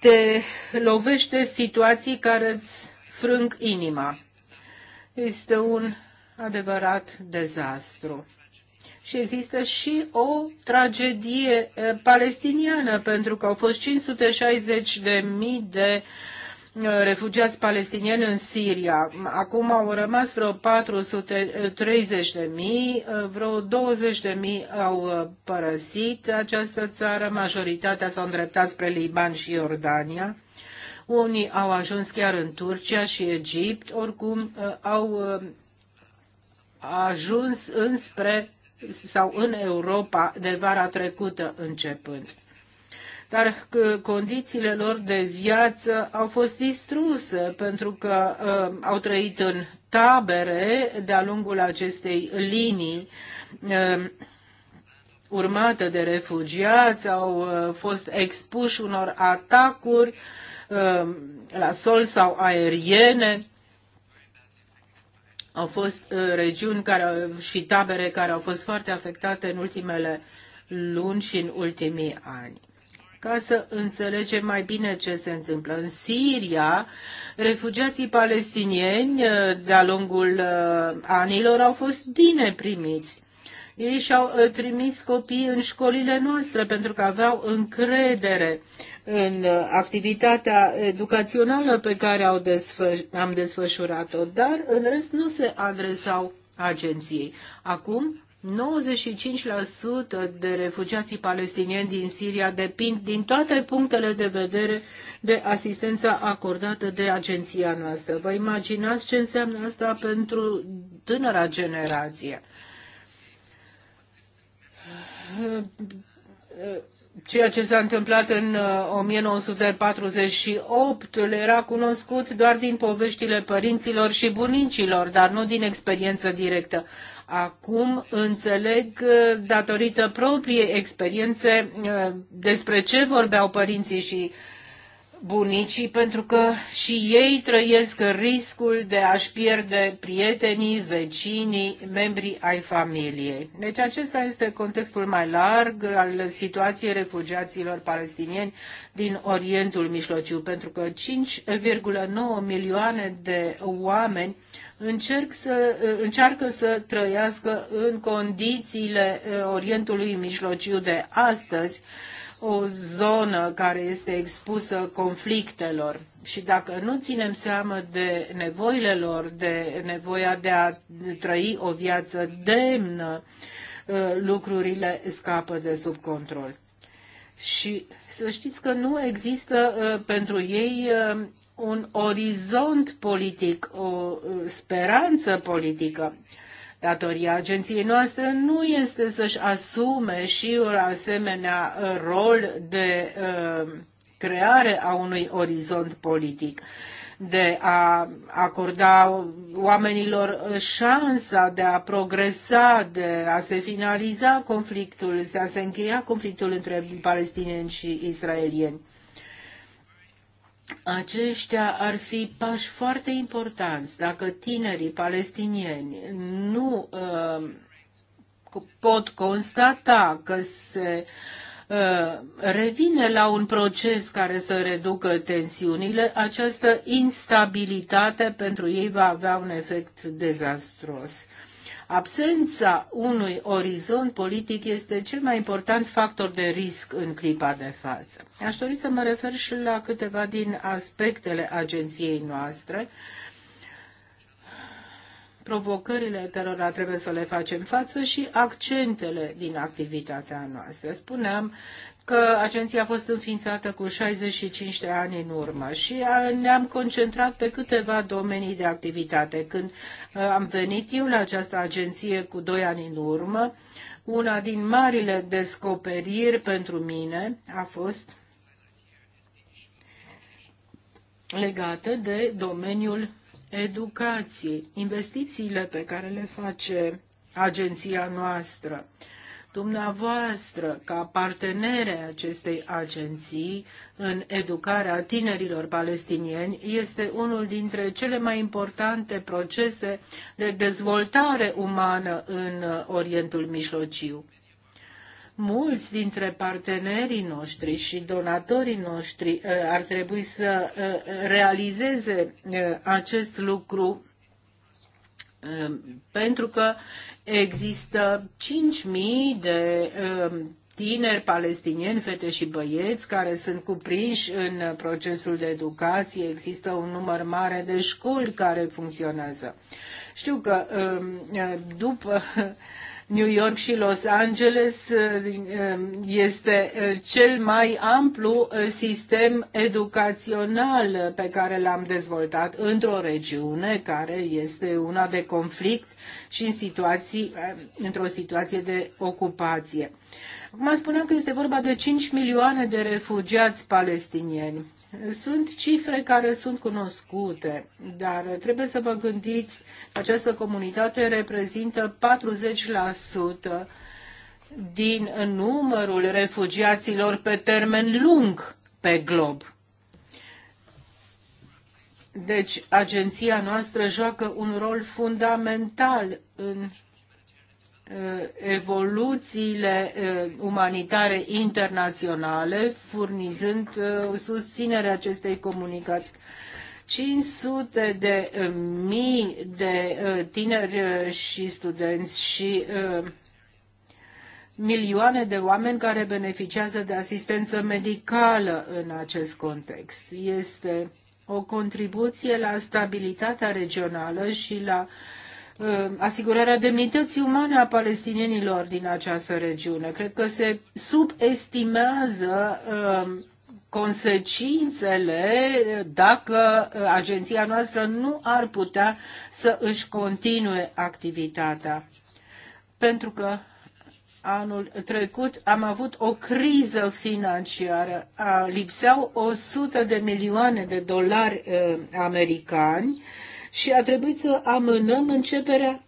te lovește situații care îți frâng inima. Este un adevărat dezastru. Și există și o tragedie palestiniană, pentru că au fost 560 de mii de uh, refugiați palestinieni în Siria. Acum au rămas vreo 430 de mii, vreo 20 de mii au uh, părăsit această țară, majoritatea s-au îndreptat spre Liban și Iordania. Unii au ajuns chiar în Turcia și Egipt, oricum uh, au uh, ajuns înspre sau în Europa de vara trecută începând dar condițiile lor de viață au fost distruse pentru că uh, au trăit în tabere de-a lungul acestei linii uh, urmată de refugiați, au uh, fost expuși unor atacuri uh, la sol sau aeriene. Au fost uh, regiuni care, și tabere care au fost foarte afectate în ultimele luni și în ultimii ani ca să înțelegem mai bine ce se întâmplă. În Siria, refugiații palestinieni uh, de-a lungul uh, anilor au fost bine primiți. Ei și-au uh, trimis copii în școlile noastre pentru că aveau încredere în activitatea educațională pe care au desfă- am desfășurat-o, dar în rest nu se adresau agenției. Acum 95% de refugiații palestinieni din Siria depind din toate punctele de vedere de asistența acordată de agenția noastră. Vă imaginați ce înseamnă asta pentru tânăra generație? ceea ce s-a întâmplat în 1948 uh, le era cunoscut doar din poveștile părinților și bunicilor, dar nu din experiență directă. Acum înțeleg, uh, datorită propriei experiențe, uh, despre ce vorbeau părinții și uh, bunicii pentru că și ei trăiesc riscul de a-și pierde prietenii, vecinii, membrii ai familiei. Deci acesta este contextul mai larg al situației refugiaților palestinieni din Orientul Mijlociu, pentru că 5,9 milioane de oameni încerc să, încearcă să trăiască în condițiile eh, Orientului Mijlociu de astăzi, o zonă care este expusă conflictelor și dacă nu ținem seama de nevoile lor, de nevoia de a trăi o viață demnă, uh, lucrurile scapă de sub control. Și să știți că nu există uh, pentru ei uh, un orizont politic, o speranță politică. Datoria agenției noastre nu este să-și asume și un asemenea uh, rol de uh, creare a unui orizont politic de a acorda oamenilor uh, șansa de a progresa, de a se finaliza conflictul, de a se încheia conflictul între palestinieni și israelieni aceștia ar fi pași foarte importanți dacă tinerii palestinieni nu uh, pot constata că se uh, revine la un proces care să reducă tensiunile, această instabilitate pentru ei va avea un efect dezastros. Absența unui orizont politic este cel mai important factor de risc în clipa de față. Aș dori să mă refer și la câteva din aspectele agenției noastre, provocările cărora trebuie să le facem față și accentele din activitatea noastră. Spuneam că agenția a fost înființată cu 65 de ani în urmă și ne-am concentrat pe câteva domenii de activitate. Când am venit eu la această agenție cu 2 ani în urmă, una din marile descoperiri pentru mine a fost legată de domeniul educației, investițiile pe care le face agenția noastră. Uh, dumneavoastră, ca partenere acestei agenții în educarea tinerilor palestinieni, este unul dintre cele mai importante procese de dezvoltare umană în Orientul Mijlociu mulți dintre partenerii noștri și donatorii noștri eh, ar trebui să eh, realizeze eh, acest lucru Ehm, pentru că există 5.000 de ehm, tineri palestinieni, fete și băieți, care sunt cuprinși în procesul de educație. Există un număr mare de școli care funcționează. Știu că ehm, după New York și Los Angeles uh, um, este uh, cel mai amplu uh, sistem educațional pe care l-am dezvoltat într-o regiune care este una de conflict și în situații, într-o situație de ocupație. Acum spuneam că este vorba de 5 milioane de refugiați palestinieni. Sunt cifre care sunt cunoscute, dar trebuie să vă gândiți că această comunitate reprezintă 40% din numărul refugiaților pe termen lung pe glob. Deci, agenția noastră joacă un rol fundamental în Uh, evoluțiile uh, umanitare internaționale, furnizând uh, susținerea acestei comunicații. 500 de mii de tineri și studenți și milioane de oameni care beneficiază de asistență medicală în acest context. Este o contribuție la stabilitatea regională și la uh, Uh, asigurarea demnității umane a palestinienilor din această regiune. Cred că se subestimează uh, consecințele dacă uh, agenția noastră nu ar putea să își continue activitatea. Pentru că anul trecut am avut o criză financiară. Lipseau 100 de milioane de dolari americani și a trebuit să amânăm începerea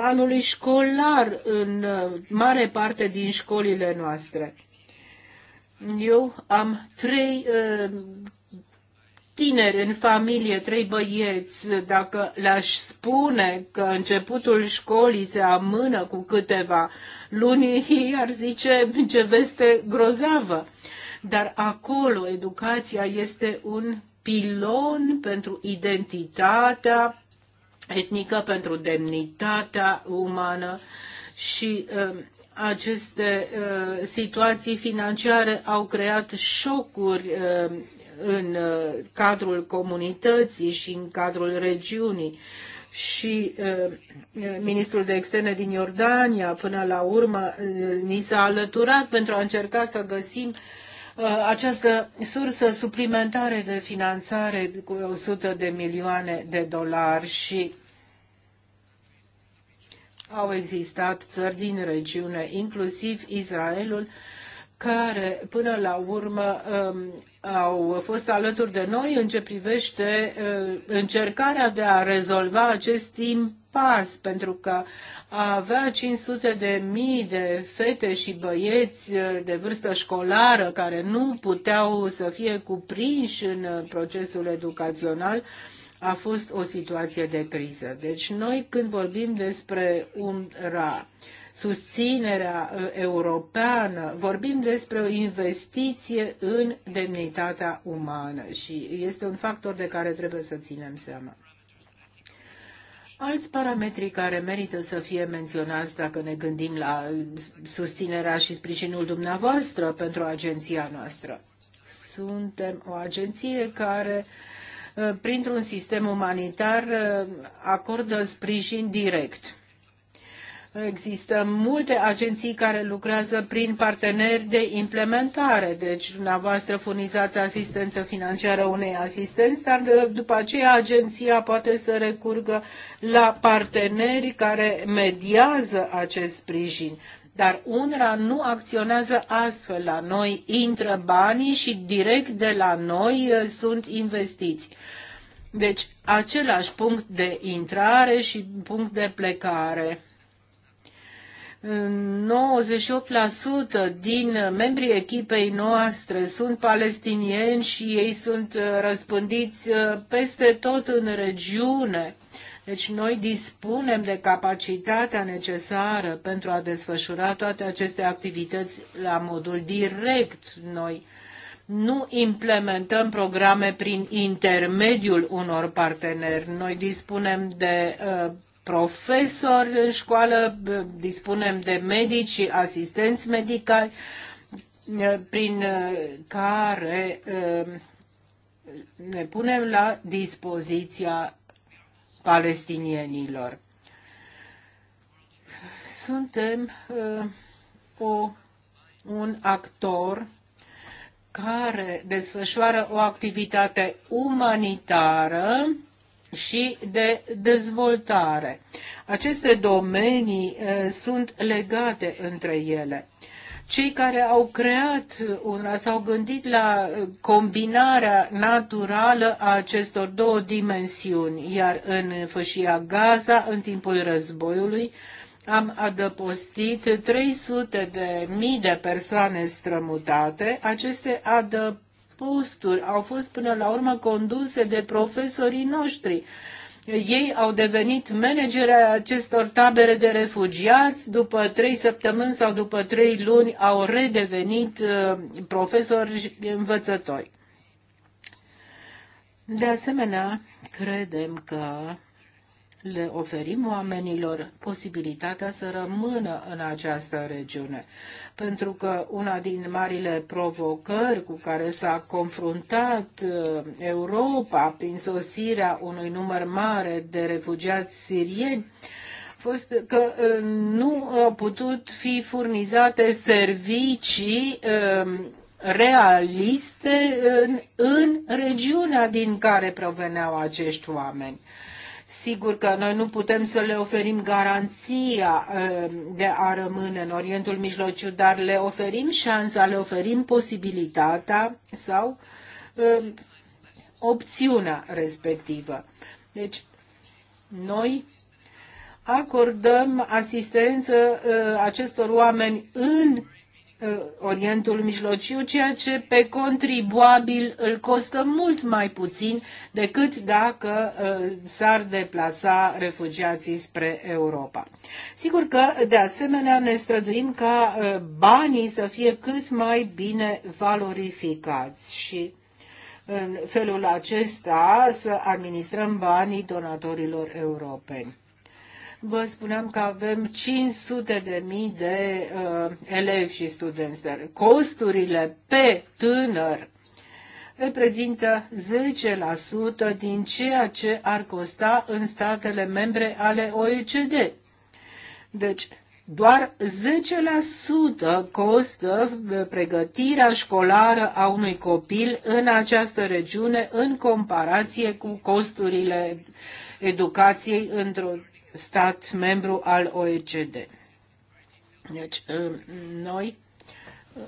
anului școlar în uh, mare parte din școlile noastre. Eu am trei uh, tineri în familie, trei băieți, dacă le-aș spune că începutul școlii se amână cu câteva luni, ar zice ce veste grozavă. Dar acolo educația este un pilon pentru identitatea etnică, pentru demnitatea umană și um, aceste uh, situații financiare au creat șocuri um, în uh, cadrul comunității și în cadrul regiunii și uh, ministrul de externe din Iordania până la urmă uh, ni s-a alăturat pentru a încerca să găsim Uh, această sursă suplimentare de finanțare cu 100 de milioane de dolari și au existat țări din regiune, inclusiv Israelul, care până la urmă um, au fost alături de noi în ce privește uh, încercarea de a rezolva acest impas, pentru că a avea 500 de mii de fete și băieți uh, de vârstă școlară care nu puteau să fie cuprinși în uh, procesul educațional, a fost o situație de criză. Deci noi când vorbim despre un ra, susținerea uh, europeană. Vorbim despre o investiție în demnitatea umană și este un factor de care trebuie să ținem seama. Alți parametri care merită să fie menționați dacă ne gândim la susținerea și sprijinul dumneavoastră pentru agenția noastră. Suntem o agenție care, uh, printr-un sistem umanitar, uh, acordă sprijin direct. Există multe agenții care lucrează prin parteneri de implementare, deci dumneavoastră furnizați asistență financiară unei asistenți, dar uh, după aceea agenția poate să recurgă la parteneri care mediază acest sprijin. Dar UNRWA nu acționează astfel la noi, intră banii și direct de la noi uh, sunt investiți. Deci, același punct de intrare și punct de plecare. 98% din membrii echipei noastre sunt palestinieni și ei sunt uh, răspândiți uh, peste tot în regiune. Deci noi dispunem de capacitatea necesară pentru a desfășura toate aceste activități la modul direct. Noi nu implementăm programe prin intermediul unor parteneri. Noi dispunem de uh, profesori în școală, dispunem de medici și asistenți medicali, prin care uh, ne punem la dispoziția palestinienilor. Suntem uh, o, un actor care desfășoară o activitate umanitară și de dezvoltare. Aceste domenii eh, sunt legate între ele cei care au creat s-au gândit la eh, combinarea naturală a acestor două dimensiuni, iar în fâșia Gaza, în timpul războiului, am adăpostit 300 de mii de persoane strămutate. Aceste adăpostiri posturi au fost până la urmă conduse de profesorii noștri. Ei au devenit manageri ai acestor tabere de refugiați, după trei săptămâni sau după trei luni au redevenit uh, profesori și învățători. De asemenea, credem că le oferim oamenilor posibilitatea să rămână în această regiune. Pentru că una din marile provocări cu care s-a confruntat uh, Europa prin sosirea unui număr mare de refugiați sirieni fost că uh, nu au putut fi furnizate servicii uh, realiste în, în regiunea din care proveneau acești oameni. Sigur că noi nu putem să le oferim garanția uh, de a rămâne în Orientul Mijlociu, dar le oferim șansa, le oferim posibilitatea sau uh, opțiunea respectivă. Deci, noi acordăm asistență uh, acestor oameni în Uh, Orientul Mijlociu, ceea ce pe contribuabil îl costă mult mai puțin decât dacă uh, s-ar deplasa refugiații spre Europa. Sigur că, de asemenea, ne străduim ca uh, banii să fie cât mai bine valorificați și în felul acesta să administrăm banii donatorilor europeni. Vă spuneam că avem 500 de mii de uh, elevi și studenți. Dar costurile pe tânăr reprezintă 10% din ceea ce ar costa în statele membre ale OECD. Deci, doar 10% costă uh, pregătirea școlară a unui copil în această regiune în comparație cu costurile educației într-o stat membru al OECD. Deci, uh, noi uh,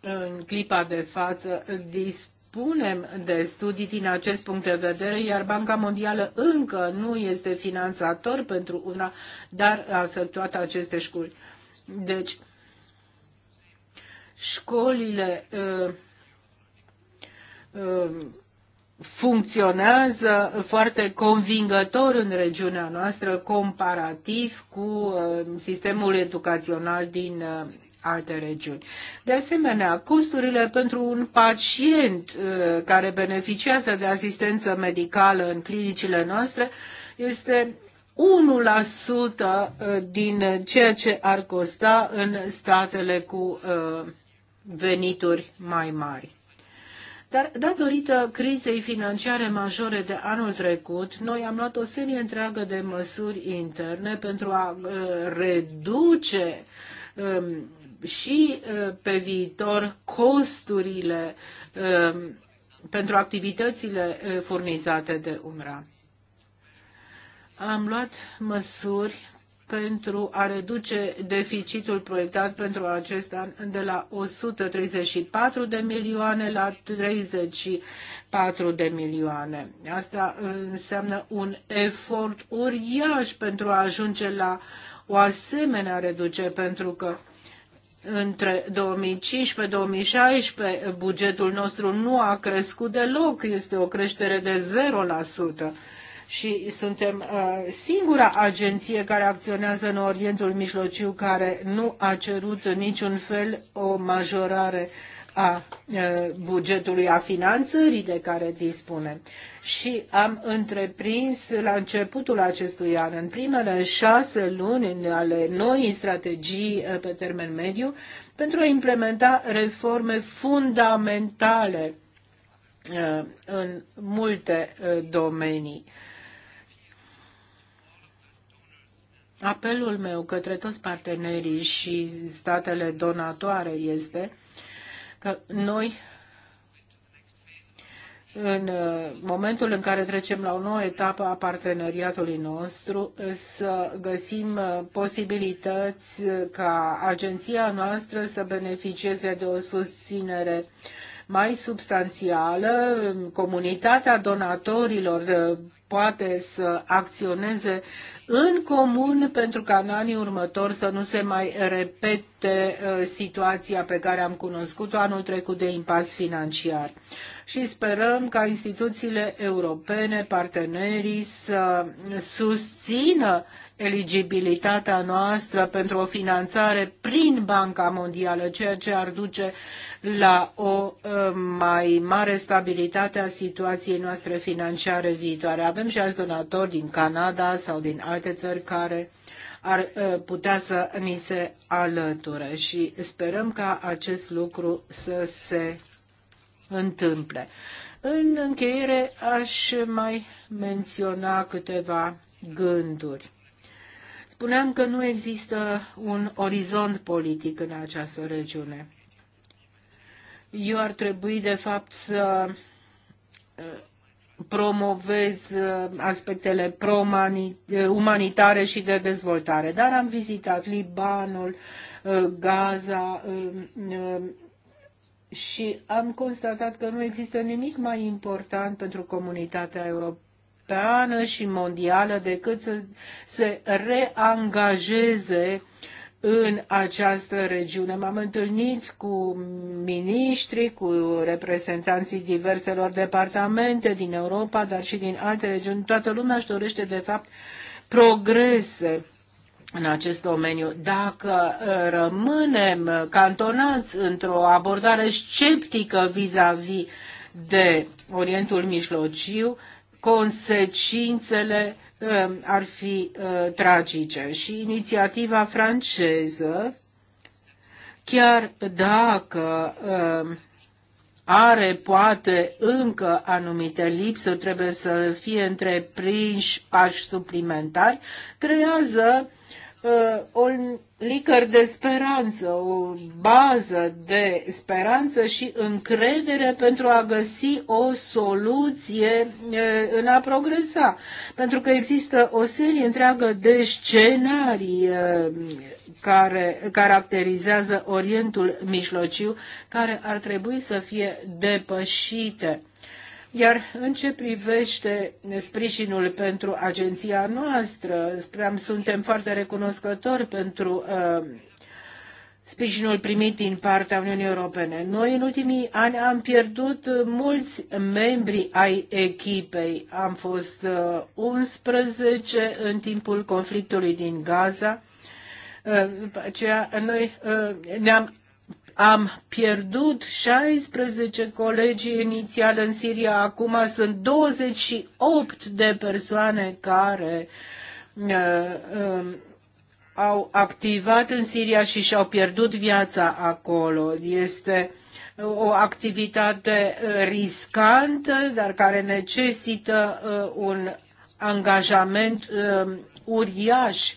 în clipa de față dispunem de studii din acest punct de vedere, iar Banca Mondială încă nu este finanțator pentru una, dar a efectuat aceste școli. Deci, școlile uh, uh, funcționează foarte convingător în regiunea noastră comparativ cu uh, sistemul educațional din uh, alte regiuni. De asemenea, costurile pentru un pacient uh, care beneficiază de asistență medicală în clinicile noastre este 1% din ceea ce ar costa în statele cu venituri mai mari. Dar datorită crizei financiare majore de anul trecut, noi am luat o serie întreagă de măsuri interne pentru a uh, reduce um, și uh, pe viitor costurile um, pentru activitățile uh, furnizate de UMRA. Am luat măsuri pentru a reduce deficitul proiectat pentru acest an de la 134 de milioane la 34 de milioane. Asta înseamnă un efort uriaș pentru a ajunge la o asemenea reducere, pentru că între 2015-2016 bugetul nostru nu a crescut deloc, este o creștere de 0% și suntem uh, singura agenție care acționează în Orientul Mijlociu care nu a cerut în niciun fel o majorare a uh, bugetului, a finanțării de care dispune. Și am întreprins la începutul acestui an, în primele șase luni ale noii strategii uh, pe termen mediu, pentru a implementa reforme fundamentale în multe domenii. Apelul meu către toți partenerii și statele donatoare este că noi în uh, momentul în care trecem la o nouă etapă a parteneriatului nostru, să găsim uh, posibilități uh, ca agenția noastră să beneficieze de o susținere mai substanțială. Comunitatea donatorilor poate să acționeze în comun pentru ca în anii următori să nu se mai repete uh, situația pe care am cunoscut-o anul trecut de impas financiar. Și sperăm ca instituțiile europene, partenerii să susțină eligibilitatea noastră pentru o finanțare prin Banca Mondială, ceea ce ar duce la o uh, mai mare stabilitate a situației noastre financiare viitoare. Avem și alți donatori din Canada sau din alte țări care ar uh, putea să ni se alăture și sperăm ca acest lucru să se întâmple. În încheiere aș mai menționa câteva gânduri. Spuneam că nu există un orizont politic în această regiune. Eu ar trebui, de fapt, să uh, promovez uh, aspectele uh, umanitare și de dezvoltare. Dar am vizitat Libanul, uh, Gaza um, um, și am constatat că nu există nimic mai important pentru comunitatea europeană și mondială decât să se reangajeze uh, în această regiune. M-am întâlnit cu miniștri, cu reprezentanții diverselor departamente din Europa, dar și din alte regiuni. Toată lumea își dorește, de fapt, progrese în acest domeniu. Dacă uh, rămânem cantonați într-o abordare sceptică vis-a-vis -vis de Orientul Mijlociu, consecințele Uh, ar fi uh, tragice. Și inițiativa franceză, chiar dacă uh, are poate încă anumite lipsuri, trebuie să fie întreprinși pași suplimentari, creează uh, o uh, licăr de speranță, o bază de speranță și încredere pentru a găsi o soluție uh, în a progresa. Pentru că există o serie întreagă de scenarii uh, care caracterizează Orientul Mijlociu, care ar trebui să fie depășite. Iar în ce privește sprijinul pentru agenția noastră, suntem foarte recunoscători pentru uh, sprijinul primit din partea Uniunii Europene. Noi în ultimii ani am pierdut mulți membri ai echipei. Am fost 11 uh, în timpul conflictului din Gaza. Uh, aceea noi uh, ne-am am pierdut 16 colegi inițial în Siria, acum sunt 28 de persoane care uh, uh, au activat în Siria și și-au pierdut viața acolo. Este o activitate uh, riscantă, dar care necesită uh, un angajament uh, uriaș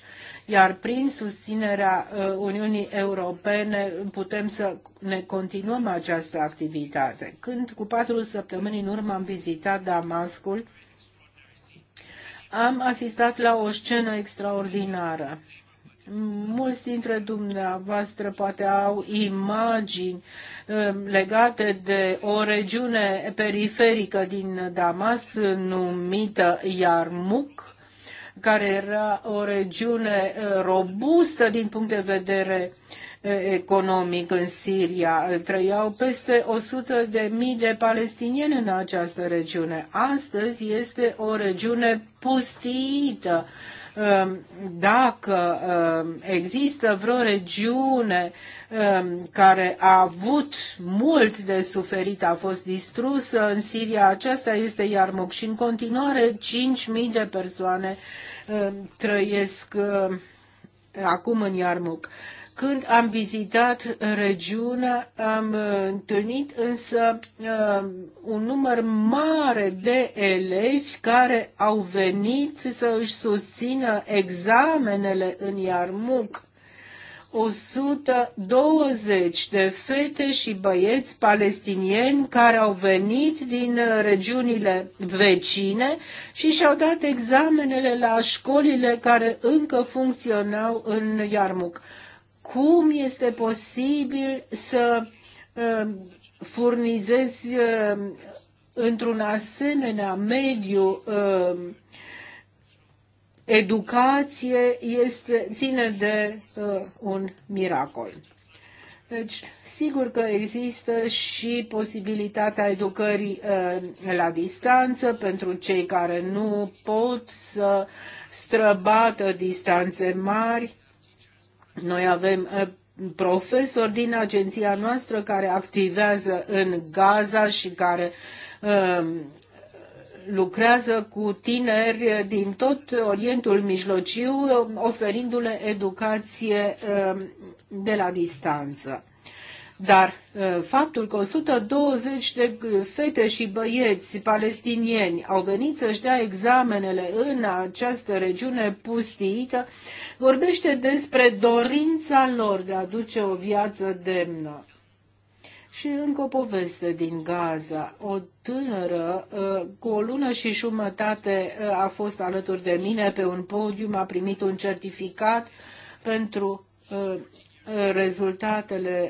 iar prin susținerea uh, Uniunii Europene putem să ne continuăm această activitate. Când cu patru săptămâni în urmă am vizitat Damascul, am asistat la o scenă extraordinară. Mulți dintre dumneavoastră poate au imagini uh, legate de o regiune periferică din Damas numită Iarmuc, care era o regiune eh, robustă din punct de vedere eh, economic în Siria. Trăiau peste 100 de mii de palestinieni în această regiune. Astăzi este o regiune pustiită Ehm, dacă ehm, există vreo regiune ehm, care a avut mult de suferit, a fost distrusă în Siria, aceasta este Iarmuc și în continuare 5.000 de persoane trăiesc acum în Iarmuc. Când am vizitat regiunea, am uh, întâlnit însă uh, un număr mare de elevi care au venit să își susțină examenele în Iarmuc. 120 de fete și băieți palestinieni care au venit din uh, regiunile vecine și și-au dat examenele la școlile care încă funcționau în Iarmuc cum este posibil să uh, furnizezi uh, într-un asemenea mediu uh, educație este, ține de uh, un miracol. Deci, sigur că există și posibilitatea educării uh, la distanță pentru cei care nu pot să străbată distanțe mari. Noi avem uh, profesori din agenția noastră care activează în Gaza și care um, lucrează cu tineri din tot Orientul Mijlociu, um, oferindu-le educație um, de la distanță. Dar uh, faptul că 120 de fete și băieți palestinieni au venit să-și dea examenele în această regiune pustiită vorbește despre dorința lor de a duce o viață demnă. Și încă o poveste din Gaza. O tânără uh, cu o lună și jumătate uh, a fost alături de mine pe un podium, a primit un certificat pentru rezultatele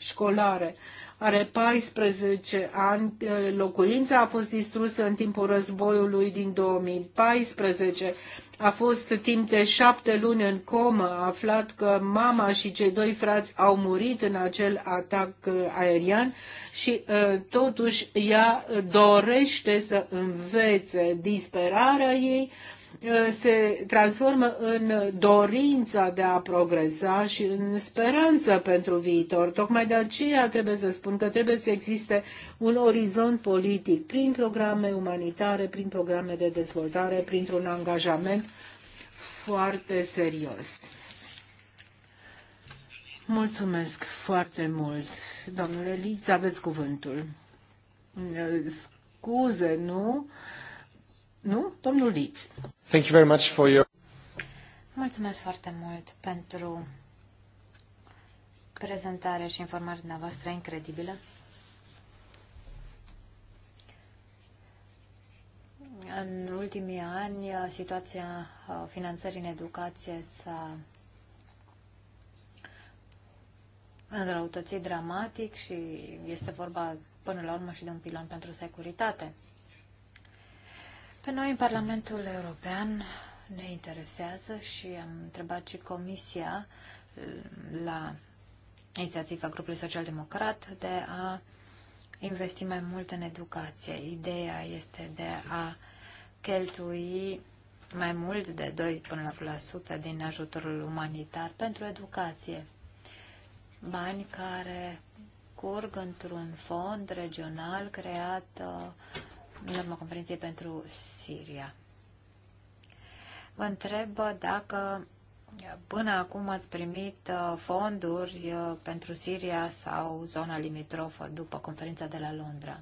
școlare. Are 14 ani, locuința a fost distrusă în timpul războiului din 2014. A fost timp de șapte luni în comă, a aflat că mama și cei doi frați au murit în acel atac aerian și totuși ea dorește să învețe disperarea ei, Eh, se transformă în dorința de a progresa și în speranță pentru viitor. Tocmai de aceea trebuie să spun că trebuie să existe un orizont politic prin programe umanitare, prin programe de dezvoltare, printr-un angajament foarte serios. Mulțumesc foarte mult. Domnule Liț, aveți cuvântul. Eh, scuze, nu? Uh, nu? Domnul Leeds. Thank you very much for your... Mulțumesc foarte mult pentru prezentare și informarea dumneavoastră incredibilă. În ultimii ani, situația uh, finanțării în educație s-a înrăutățit dramatic și este vorba până la urmă și de un pilon pentru securitate. Pe noi, în Parlamentul European, ne interesează și am întrebat și Comisia mm, la inițiativa grupului social-democrat de a investi mai mult în educație. Ideea este de a cheltui mai mult de 2 până la 1% din ajutorul umanitar pentru educație. Bani care curg într-un fond regional creat uh, în urma conferinței pentru Siria. Vă întreb dacă până acum ați primit uh, fonduri uh, pentru Siria sau zona limitrofă după conferința de la Londra.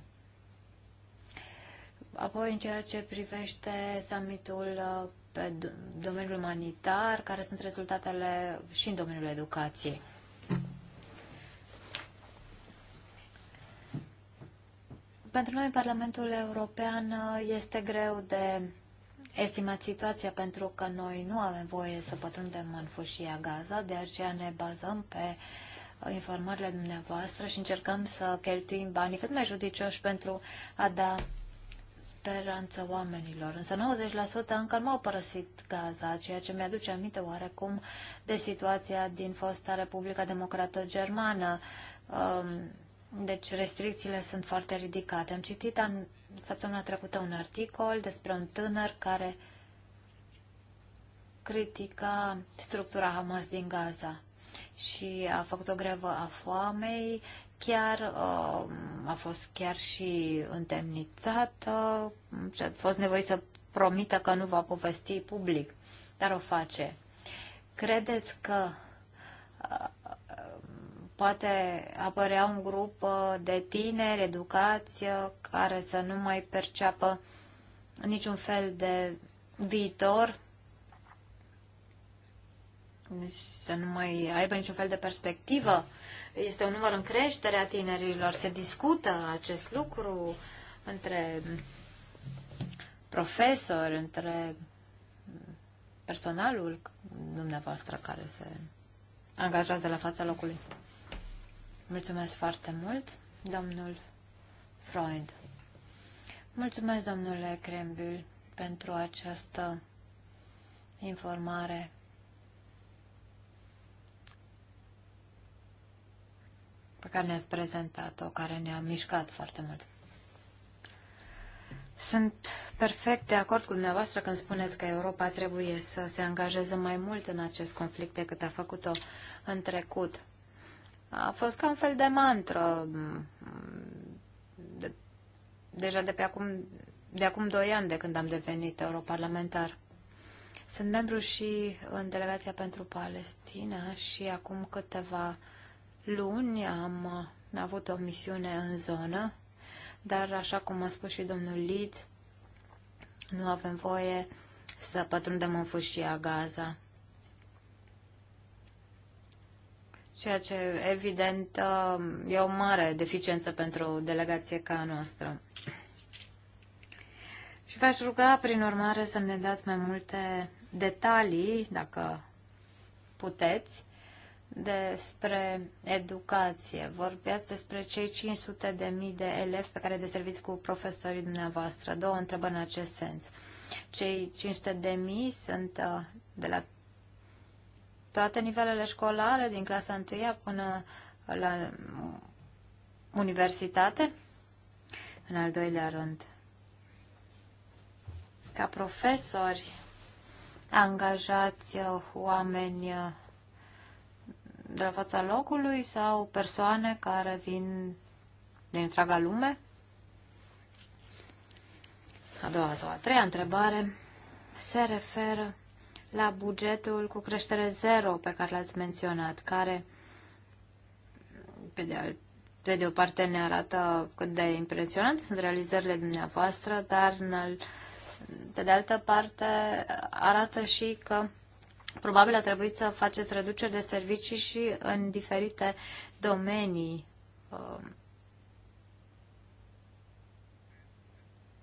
Apoi, în ceea ce privește summitul uh, pe domeniul umanitar, care sunt rezultatele și în domeniul educației. Pentru noi, Parlamentul European este greu de estimat situația pentru că noi nu avem voie să pătrundem în fâșia Gaza, de aceea ne bazăm pe informările dumneavoastră și încercăm să cheltuim banii cât mai judicioși pentru a da speranță oamenilor. Însă 90% încă nu au părăsit Gaza, ceea ce mi-aduce aminte oarecum de situația din fosta Republica Democrată Germană. Um, deci restricțiile sunt foarte ridicate. Am citit an, săptămâna trecută un articol despre un tânăr care critica structura Hamas din Gaza și a făcut o grevă a foamei, chiar uh, a fost chiar și întemnițată și a fost nevoit să promită că nu va povesti public, dar o face. Credeți că uh, poate apărea un grup uh, de tineri educați uh, care să nu mai perceapă niciun fel de viitor, să nu mai aibă niciun fel de perspectivă. Este un număr în creștere a tinerilor. Se discută acest lucru între profesori, între personalul dumneavoastră care se angajează la fața locului. Mulțumesc foarte mult, domnul Freund. Mulțumesc, domnule Crembiul, pentru această informare pe care ne-ați prezentat-o, care ne-a mișcat foarte mult. Sunt perfect de acord cu dumneavoastră când spuneți că Europa trebuie să se angajeze mai mult în acest conflict decât a făcut-o în trecut a fost ca un fel de mantră mm, de, deja de pe acum, de acum doi ani de când am devenit europarlamentar. Sunt membru și în Delegația pentru Palestina și acum câteva luni am avut o misiune în zonă, dar așa cum a spus și domnul Lid, nu avem voie să pătrundem în fâșia Gaza. ceea ce evident uh, e o mare deficiență pentru o delegație ca a noastră. Și v-aș ruga, prin urmare, să ne dați mai multe detalii, dacă puteți, despre educație. Vorbeați despre cei 500 de mii de elevi pe care deserviți cu profesorii dumneavoastră. Două întrebări în acest sens. Cei 500 de mii sunt uh, de la toate nivelele școlare, din clasa 1 până la universitate. În al doilea rând, ca profesori, angajați uh, oameni uh, de la fața locului sau persoane care vin din întreaga lume? A doua sau a treia întrebare se referă la bugetul cu creștere zero pe care l-ați menționat, care, pe de, pe de o parte, ne arată cât de impresionante sunt realizările dumneavoastră, dar, în, pe de altă parte, arată și că probabil a trebuit să faceți reduceri de servicii și în diferite domenii uh,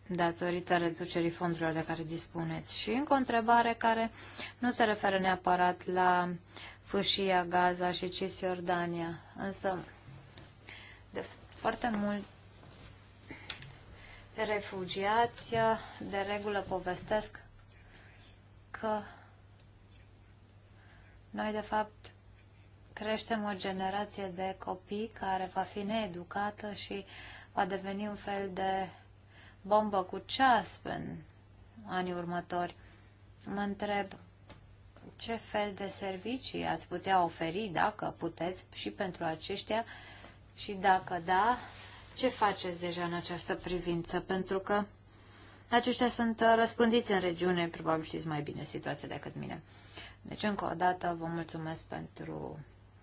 datorită reducerii fondurilor de care dispuneți. Și încă o întrebare care nu se referă neapărat la fâșia Gaza și Cisjordania, însă de foarte mult refugiați uh, de regulă povestesc că noi de fapt creștem o generație de copii care va fi needucată și va deveni un fel de bombă cu ceas în anii următori. Mă întreb ce fel de servicii ați putea oferi, dacă puteți, și pentru aceștia și dacă da, ce faceți deja în această privință? Pentru că aceștia sunt uh, răspândiți în regiune, probabil știți mai bine situația decât mine. Deci, încă o dată, vă mulțumesc pentru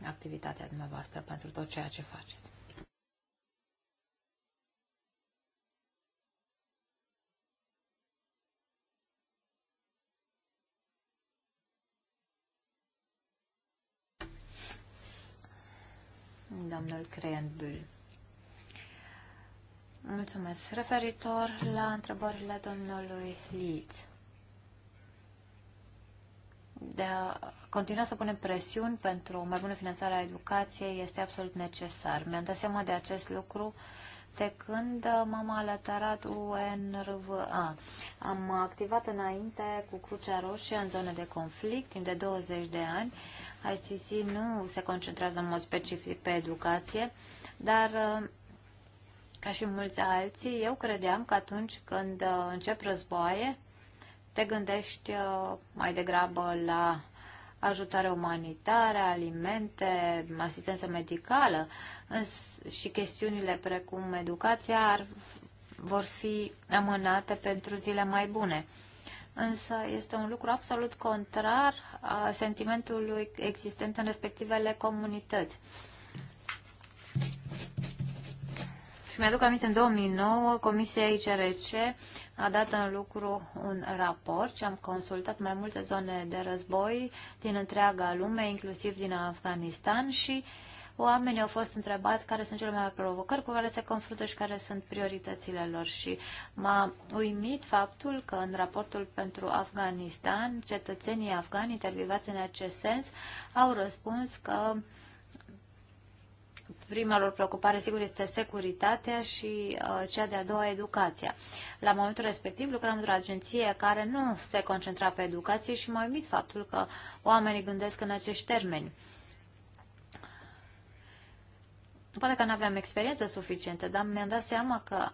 activitatea dumneavoastră, pentru tot ceea ce faceți. domnul Crendul. Mulțumesc. Referitor la întrebările domnului Liț. De a continua să punem presiuni pentru o mai bună finanțare a educației este absolut necesar. Mi-am dat seama de acest lucru de când m-am alătărat UNRVA. Am activat înainte cu Crucea Roșie în zone de conflict timp de 20 de ani. ICC nu se concentrează în mod specific pe educație, dar uh, ca și mulți alții, eu credeam că atunci când uh, încep războaie, te gândești uh, mai degrabă la ajutoare umanitare, alimente, asistență medicală și chestiunile precum educația ar, vor fi amânate pentru zile mai bune însă este un lucru absolut contrar a sentimentului existent în respectivele comunități. Și mi-aduc aminte, în 2009, Comisia ICRC a dat în lucru un raport și am consultat mai multe zone de război din întreaga lume, inclusiv din Afganistan și uh, oamenii au fost întrebați care sunt cele mai mari provocări cu care se confruntă și care sunt prioritățile lor. Și m-a uimit faptul că în raportul pentru Afganistan, cetățenii afgani intervivați în acest sens au răspuns că prima lor preocupare, sigur, este securitatea și uh, cea de-a doua, educația. La momentul respectiv lucram într-o agenție care nu se concentra pe educație și m-a uimit faptul că oamenii gândesc în acești termeni. Poate că nu aveam experiență suficientă, dar mi-am dat seama că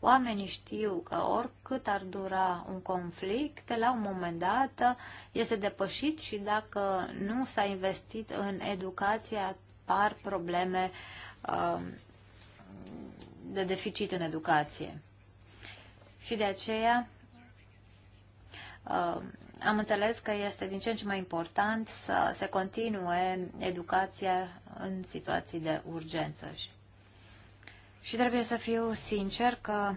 oamenii știu că oricât ar dura un conflict, la un moment dat este depășit și dacă nu s-a investit în educație, apar probleme uh, de deficit în educație. Și de aceea uh, am înțeles că este din ce în ce mai important să se continue educația în situații de urgență. Și trebuie să fiu sincer că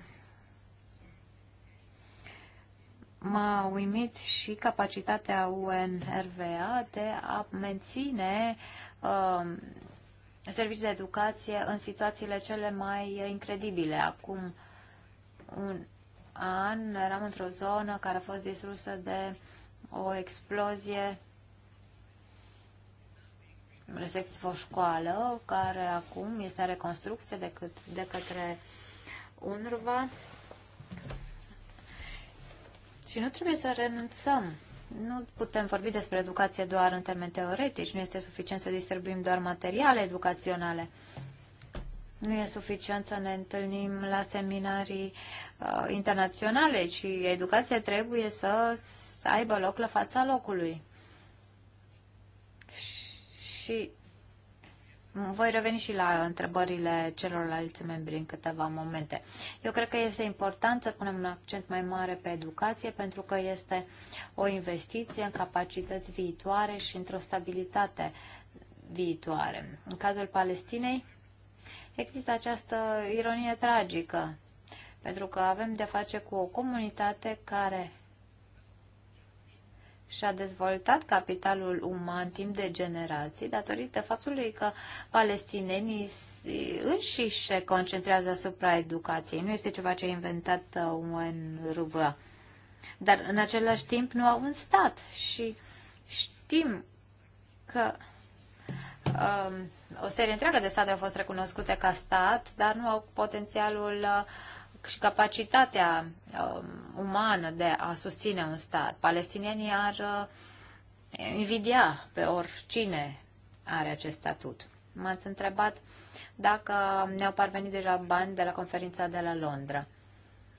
m-a uimit și capacitatea U.N.R.V.A. de a menține uh, servicii de educație în situațiile cele mai incredibile. Acum un an eram într-o zonă care a fost distrusă de o explozie respectiv o școală care acum este în reconstrucție de, cât, de către UNRWA și nu trebuie să renunțăm. Nu putem vorbi despre educație doar în termeni teoretici, nu este suficient să distribuim doar materiale educaționale. Nu e suficient să ne întâlnim la seminarii uh, internaționale, ci educația trebuie să, să aibă loc la fața locului. Și voi reveni și la întrebările celorlalți membri în câteva momente. Eu cred că este important să punem un accent mai mare pe educație, pentru că este o investiție în capacități viitoare și într-o stabilitate viitoare. În cazul Palestinei există această ironie tragică, pentru că avem de face cu o comunitate care și-a dezvoltat capitalul uman timp de generații datorită faptului că palestinenii își se concentrează asupra educației. Nu este ceva ce a inventat uh, rubă. Dar în același timp nu au un stat și știm că um, o serie întreagă de state au fost recunoscute ca stat, dar nu au potențialul uh, și capacitatea uh, umană de a susține un stat. Palestinienii ar uh, invidia pe oricine are acest statut. M-ați întrebat dacă ne-au parvenit deja bani de la conferința de la Londra.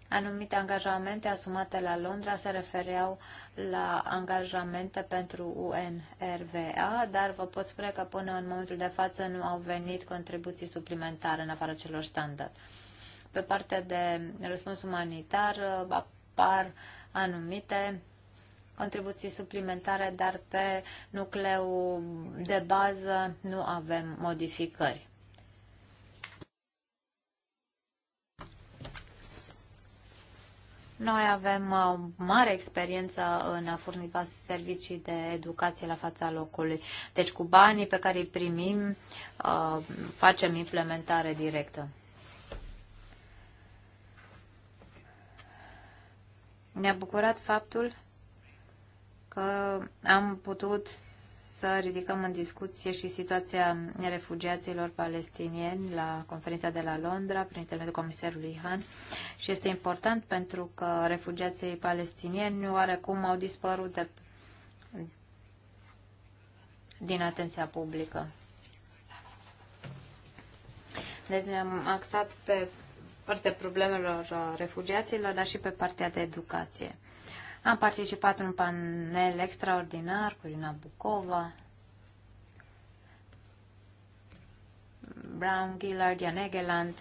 Anumite angajamente asumate la Londra se refereau la angajamente pentru UNRWA, dar vă pot spune că până în momentul de față nu au venit contribuții suplimentare în afara celor standard. Pe partea de răspuns umanitar apar anumite contribuții suplimentare, dar pe nucleu de bază nu avem modificări. Noi avem o uh, mare experiență în a furniza servicii de educație la fața locului. Deci cu banii pe care îi primim uh, facem implementare directă. Ne-a bucurat faptul că am putut să ridicăm în discuție și situația refugiaților palestinieni la conferința de la Londra prin intermediul comisarului Han și este important pentru că refugiații palestinieni oarecum au dispărut de, din atenția publică. Deci ne-am axat pe partea problemelor uh, refugiaților, dar și pe partea de educație. Am participat în un panel extraordinar cu Irina Bucova, Brown, Gillard, Jan Egeland.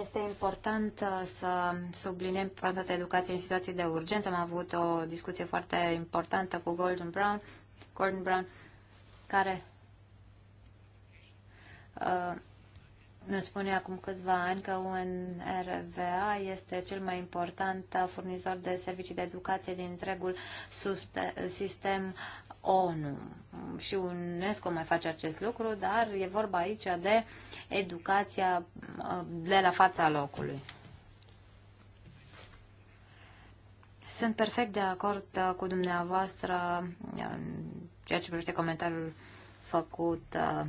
Este important uh, să subliniem de educației în situații de urgență. Am avut o discuție foarte importantă cu Golden Brown, Gordon Brown, care uh, ne spune acum câțiva ani că UNRWA este cel mai important furnizor de servicii de educație din întregul sistem ONU. Și UNESCO mai face acest lucru, dar e vorba aici de educația uh, de la fața locului. Sunt perfect de acord uh, cu dumneavoastră uh, ceea ce privește comentariul făcut uh,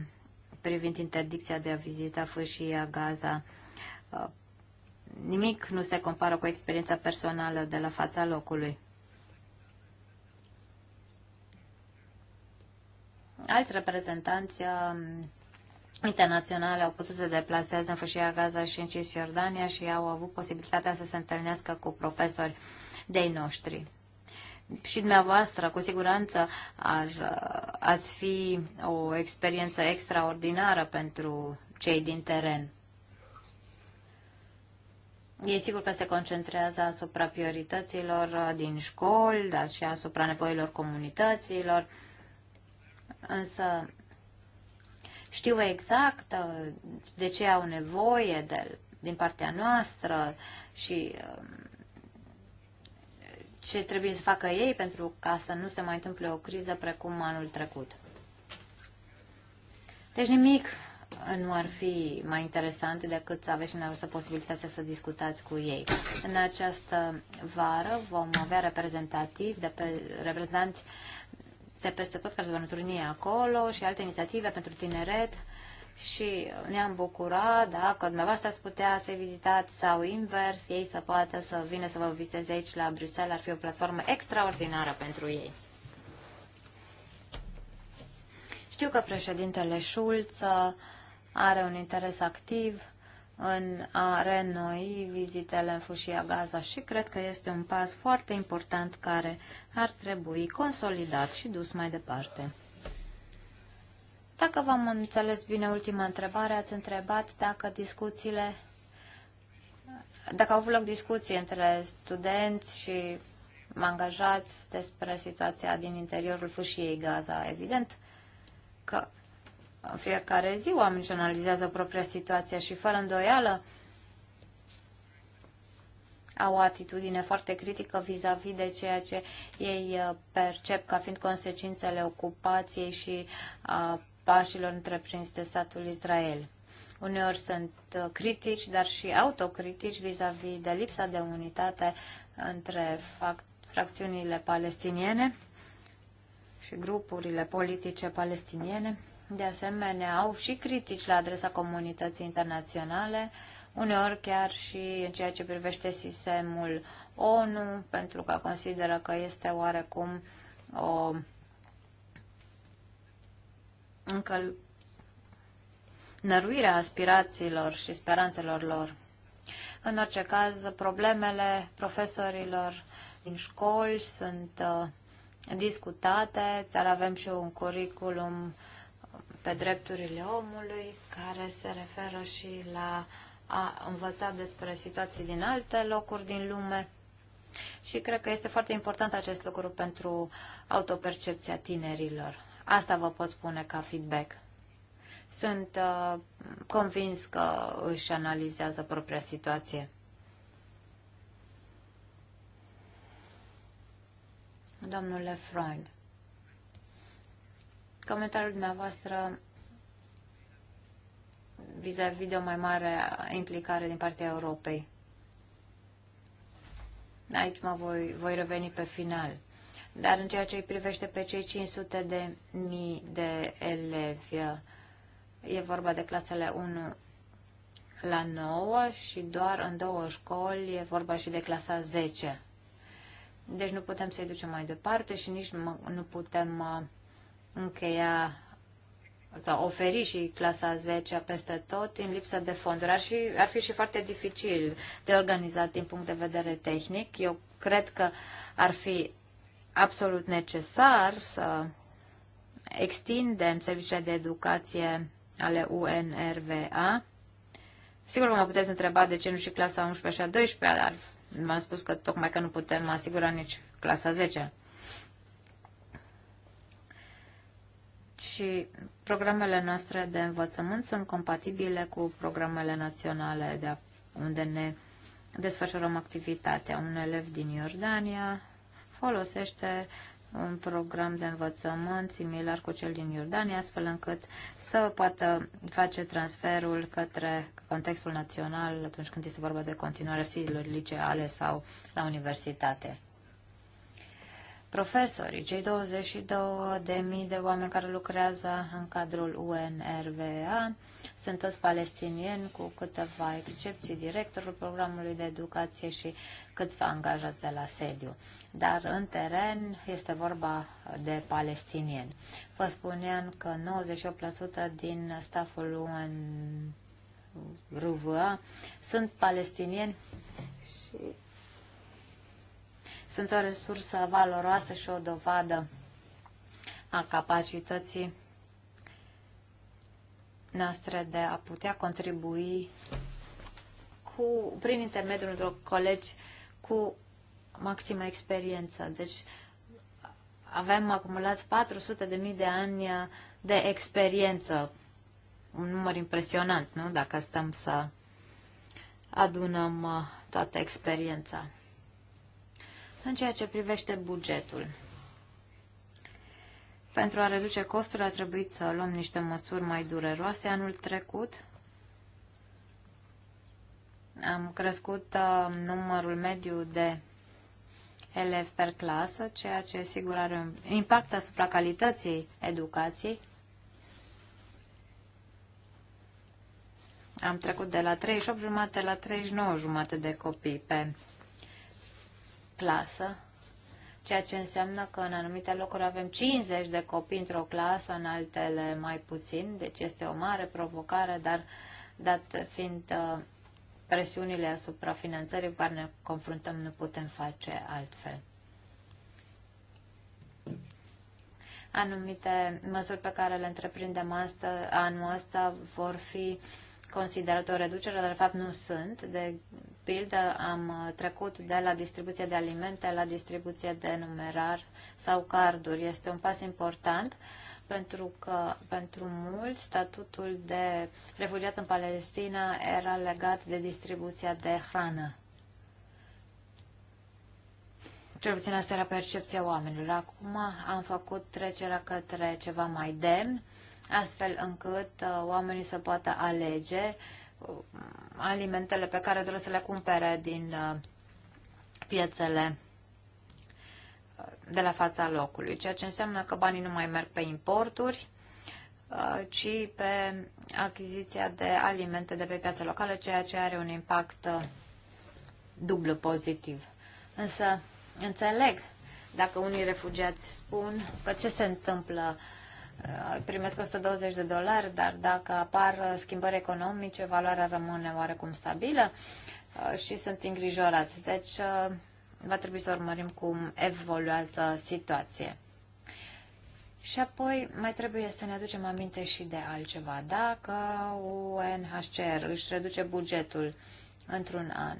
privind interdicția de a vizita fâșia Gaza. Uh, nimic nu se compară cu experiența personală de la fața locului. Alți reprezentanți um, internaționale au putut să se deplaseze în fâșia Gaza și în Cisjordania și au avut posibilitatea să se întâlnească cu profesori de noștri și dumneavoastră, cu siguranță, ar, ați fi o experiență extraordinară pentru cei din teren. E sigur că se concentrează asupra priorităților din școli, dar și asupra nevoilor comunităților, însă știu exact uh, de ce au nevoie de, din partea noastră și um, ce trebuie să facă ei pentru ca să nu se mai întâmple o criză precum anul trecut. Deci nimic nu ar fi mai interesant decât să aveți să posibilitatea să discutați cu ei. În această vară vom avea reprezentativi de pe, reprezentanți de peste tot care se vor întâlni acolo și alte inițiative pentru tineret și ne-am bucura dacă dumneavoastră ați putea să vizitați sau invers, ei să poată să vină să vă viziteze aici la Bruxelles, ar fi o platformă extraordinară pentru ei. Știu că președintele Schulz are un interes activ în a renoi vizitele în Fâșia Gaza și cred că este un pas foarte important care ar trebui consolidat și dus mai departe. Dacă v-am înțeles bine ultima întrebare, ați întrebat dacă discuțiile, dacă au avut loc discuții între studenți și angajați despre situația din interiorul fâșiei Gaza. Evident că în fiecare zi oamenii își analizează propria situație și fără îndoială au o atitudine foarte critică vis-a-vis -vis de ceea ce ei uh, percep ca fiind consecințele ocupației și a pașilor întreprinși de statul Israel. Uneori sunt uh, critici, dar și autocritici vis-a-vis -vis de lipsa de unitate între fracțiunile palestiniene și grupurile politice palestiniene. De asemenea, au și critici la adresa comunității internaționale, uneori chiar și în ceea ce privește sistemul ONU, pentru că consideră că este oarecum o încă năruirea aspirațiilor și speranțelor lor. În orice caz, problemele profesorilor din școli sunt uh, discutate, dar avem și un curriculum pe drepturile omului care se referă și la a învăța despre situații din alte locuri din lume. Și cred că este foarte important acest lucru pentru autopercepția tinerilor. Asta vă pot spune ca feedback. Sunt uh, convins că își analizează propria situație. Domnule Freund, comentariul dumneavoastră vis-a-vis -vis de o mai mare implicare din partea Europei. Aici mă voi, voi reveni pe final. Dar în ceea ce îi privește pe cei 500 de mii de elevi, e vorba de clasele 1 la 9 și doar în două școli e vorba și de clasa 10. Deci nu putem să-i ducem mai departe și nici nu putem uh, încheia sau oferi și clasa 10 peste tot în lipsă de fonduri. Ar, și, ar fi și foarte dificil de organizat din punct de vedere tehnic. Eu cred că ar fi absolut necesar să extindem serviciile de educație ale UNRWA. Sigur, mă puteți întreba de ce nu și clasa 11 și a 12, dar v-am spus că tocmai că nu putem asigura nici clasa 10. Și programele noastre de învățământ sunt compatibile cu programele naționale de unde ne desfășurăm activitatea. Un elev din Iordania folosește un program de învățământ similar cu cel din Iordania, astfel încât să poată face transferul către contextul național atunci când este vorba de continuarea studiilor liceale sau la universitate profesorii, cei 22.000 de oameni care lucrează în cadrul UNRWA, sunt toți palestinieni cu câteva excepții, directorul programului de educație și câțiva angajați de la sediu. Dar în teren este vorba de palestinieni. Vă spuneam că 98% din staful UN sunt palestinieni și sunt o resursă valoroasă și o dovadă a capacității noastre de a putea contribui cu, prin intermediul unor colegi cu maximă experiență. Deci avem acumulați 400.000 de mii de ani de experiență. Un număr impresionant, nu? Dacă stăm să adunăm uh, toată experiența în ceea ce privește bugetul. Pentru a reduce costurile a trebuit să luăm niște măsuri mai dureroase anul trecut. Am crescut uh, numărul mediu de elevi per clasă, ceea ce sigur are un impact asupra calității educației. Am trecut de la 38 jumate la 39 jumate de copii pe clasă, ceea ce înseamnă că în anumite locuri avem 50 de copii într-o clasă, în altele mai puțin, deci este o mare provocare, dar dat fiind uh, presiunile asupra finanțării cu care ne confruntăm, nu putem face altfel. Anumite măsuri pe care le întreprindem asta, anul ăsta vor fi considerate o reducere, dar de fapt nu sunt. De pildă, am uh, trecut de la distribuție de alimente la distribuție de numerar sau carduri. Este un pas important pentru că pentru mulți statutul de refugiat în Palestina era legat de distribuția de hrană. Cel puțin asta era percepția oamenilor. Acum am făcut trecerea către ceva mai demn, astfel încât uh, oamenii să poată alege uh, alimentele pe care doresc să le cumpere din uh, piețele uh, de la fața locului, ceea ce înseamnă că banii nu mai merg pe importuri, uh, ci pe achiziția de alimente de pe piața locală, ceea ce are un impact dublu pozitiv. Însă înțeleg dacă unii refugiați spun că ce se întâmplă uh, primesc 120 de dolari, dar dacă apar schimbări economice, valoarea rămâne oarecum stabilă uh, și sunt îngrijorați. Deci uh, va trebui să urmărim cum evoluează situația. Și apoi mai trebuie să ne aducem aminte și de altceva. Dacă UNHCR își reduce bugetul într-un an,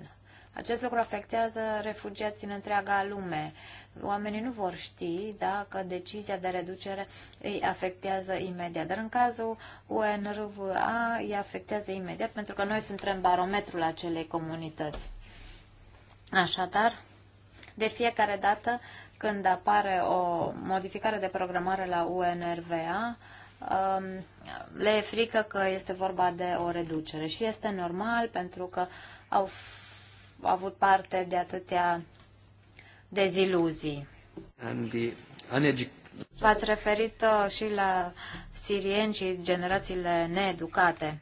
acest lucru afectează refugiații în întreaga lume. Oamenii nu vor ști dacă decizia de reducere îi afectează imediat. Dar în cazul UNRWA îi afectează imediat pentru că noi suntem barometrul acelei comunități. Așadar, de fiecare dată când apare o modificare de programare la UNRWA, um, le e frică că este vorba de o reducere și este normal pentru că au avut parte de atâtea deziluzii. V-ați referit uh, și la sirieni și generațiile needucate.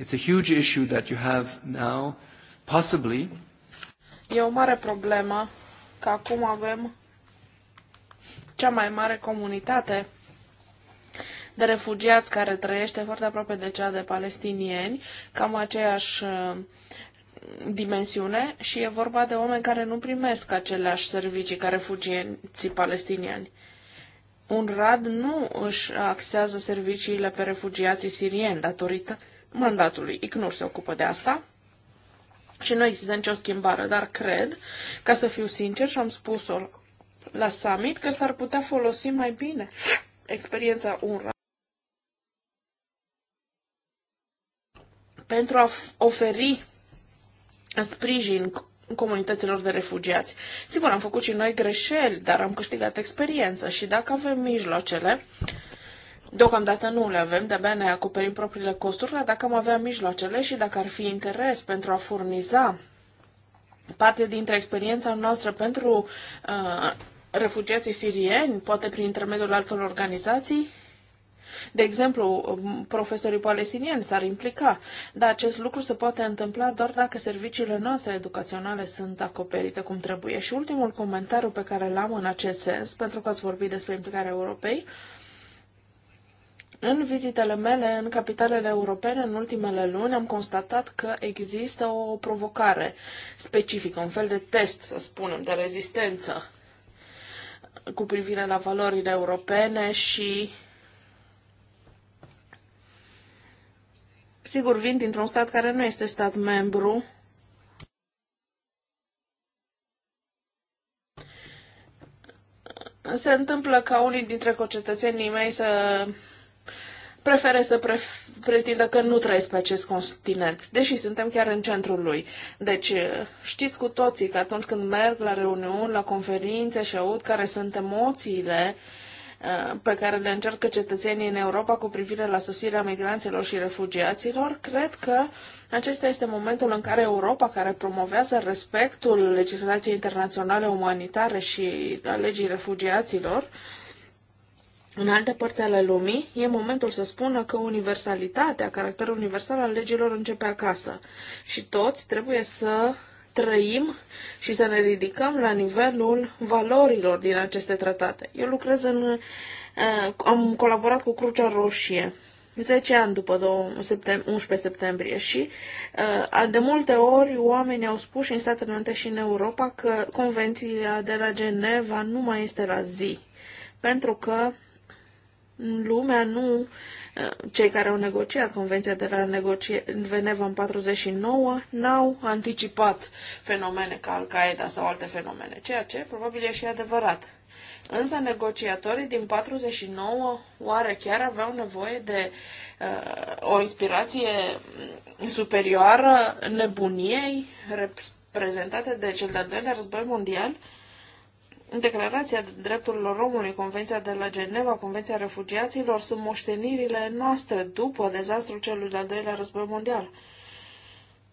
It's a huge issue that you have now, possibly. E o mare problemă că acum avem cea mai mare comunitate de refugiați care trăiește foarte aproape de cea de palestinieni, cam aceeași uh, dimensiune și e vorba de oameni care nu primesc aceleași servicii ca refugienții palestinieni. Un rad nu își axează serviciile pe refugiații sirieni datorită mandatului. ICNUR se ocupă de asta și nu există nicio schimbare, dar cred, ca să fiu sincer și am spus-o la summit, că s-ar putea folosi mai bine experiența UNRWA pentru a oferi sprijin comunităților de refugiați. Sigur, am făcut și noi greșeli, dar am câștigat experiență și dacă avem mijloacele, Deocamdată nu le avem, de-abia ne acoperim propriile costuri, dar dacă am avea mijloacele și dacă ar fi interes pentru a furniza parte dintre experiența noastră pentru uh, refugiații sirieni, poate prin intermediul altor organizații, de exemplu, profesorii palestinieni s-ar implica, dar acest lucru se poate întâmpla doar dacă serviciile noastre educaționale sunt acoperite cum trebuie. Și ultimul comentariu pe care l-am în acest sens, pentru că ați vorbit despre implicarea Europei, în vizitele mele în capitalele europene în ultimele luni am constatat că există o provocare specifică, un fel de test, să spunem, de rezistență cu privire la valorile europene și sigur, vin dintr-un stat care nu este stat membru. Se întâmplă ca unii dintre cocetățenii mei să prefere să pref- pretindă că nu trăiesc pe acest continent, deși suntem chiar în centrul lui. Deci știți cu toții că atunci când merg la reuniuni, la conferințe și aud care sunt emoțiile uh, Uh, pe care le încearcă cetățenii în Europa cu privire la sosirea migranților și refugiaților, cred că acesta este momentul în care Europa, care promovează respectul legislației internaționale umanitare și a legii refugiaților, în alte părți ale lumii, e momentul să spună că universalitatea, caracterul universal al legilor începe acasă și toți trebuie să trăim și să ne ridicăm la nivelul valorilor din aceste tratate. Eu lucrez în. Uh, am colaborat cu Crucea Roșie 10 ani după 11 septembrie și uh, de multe ori oamenii au spus și în Statele Unite și în Europa că convenția de la Geneva nu mai este la zi, pentru că lumea nu cei care au negociat Convenția de la negocie, Veneva în 49 n-au anticipat fenomene ca Al-Qaeda sau alte fenomene, ceea ce probabil e și adevărat. Însă negociatorii din 49 oare chiar aveau nevoie de uh, o inspirație superioară nebuniei reprezentată de cel de-al doilea război mondial? Uh, în Declarația de Drepturilor Omului, Convenția de la Geneva, Convenția Refugiaților sunt moștenirile noastre după dezastrul celui de-al doilea război mondial.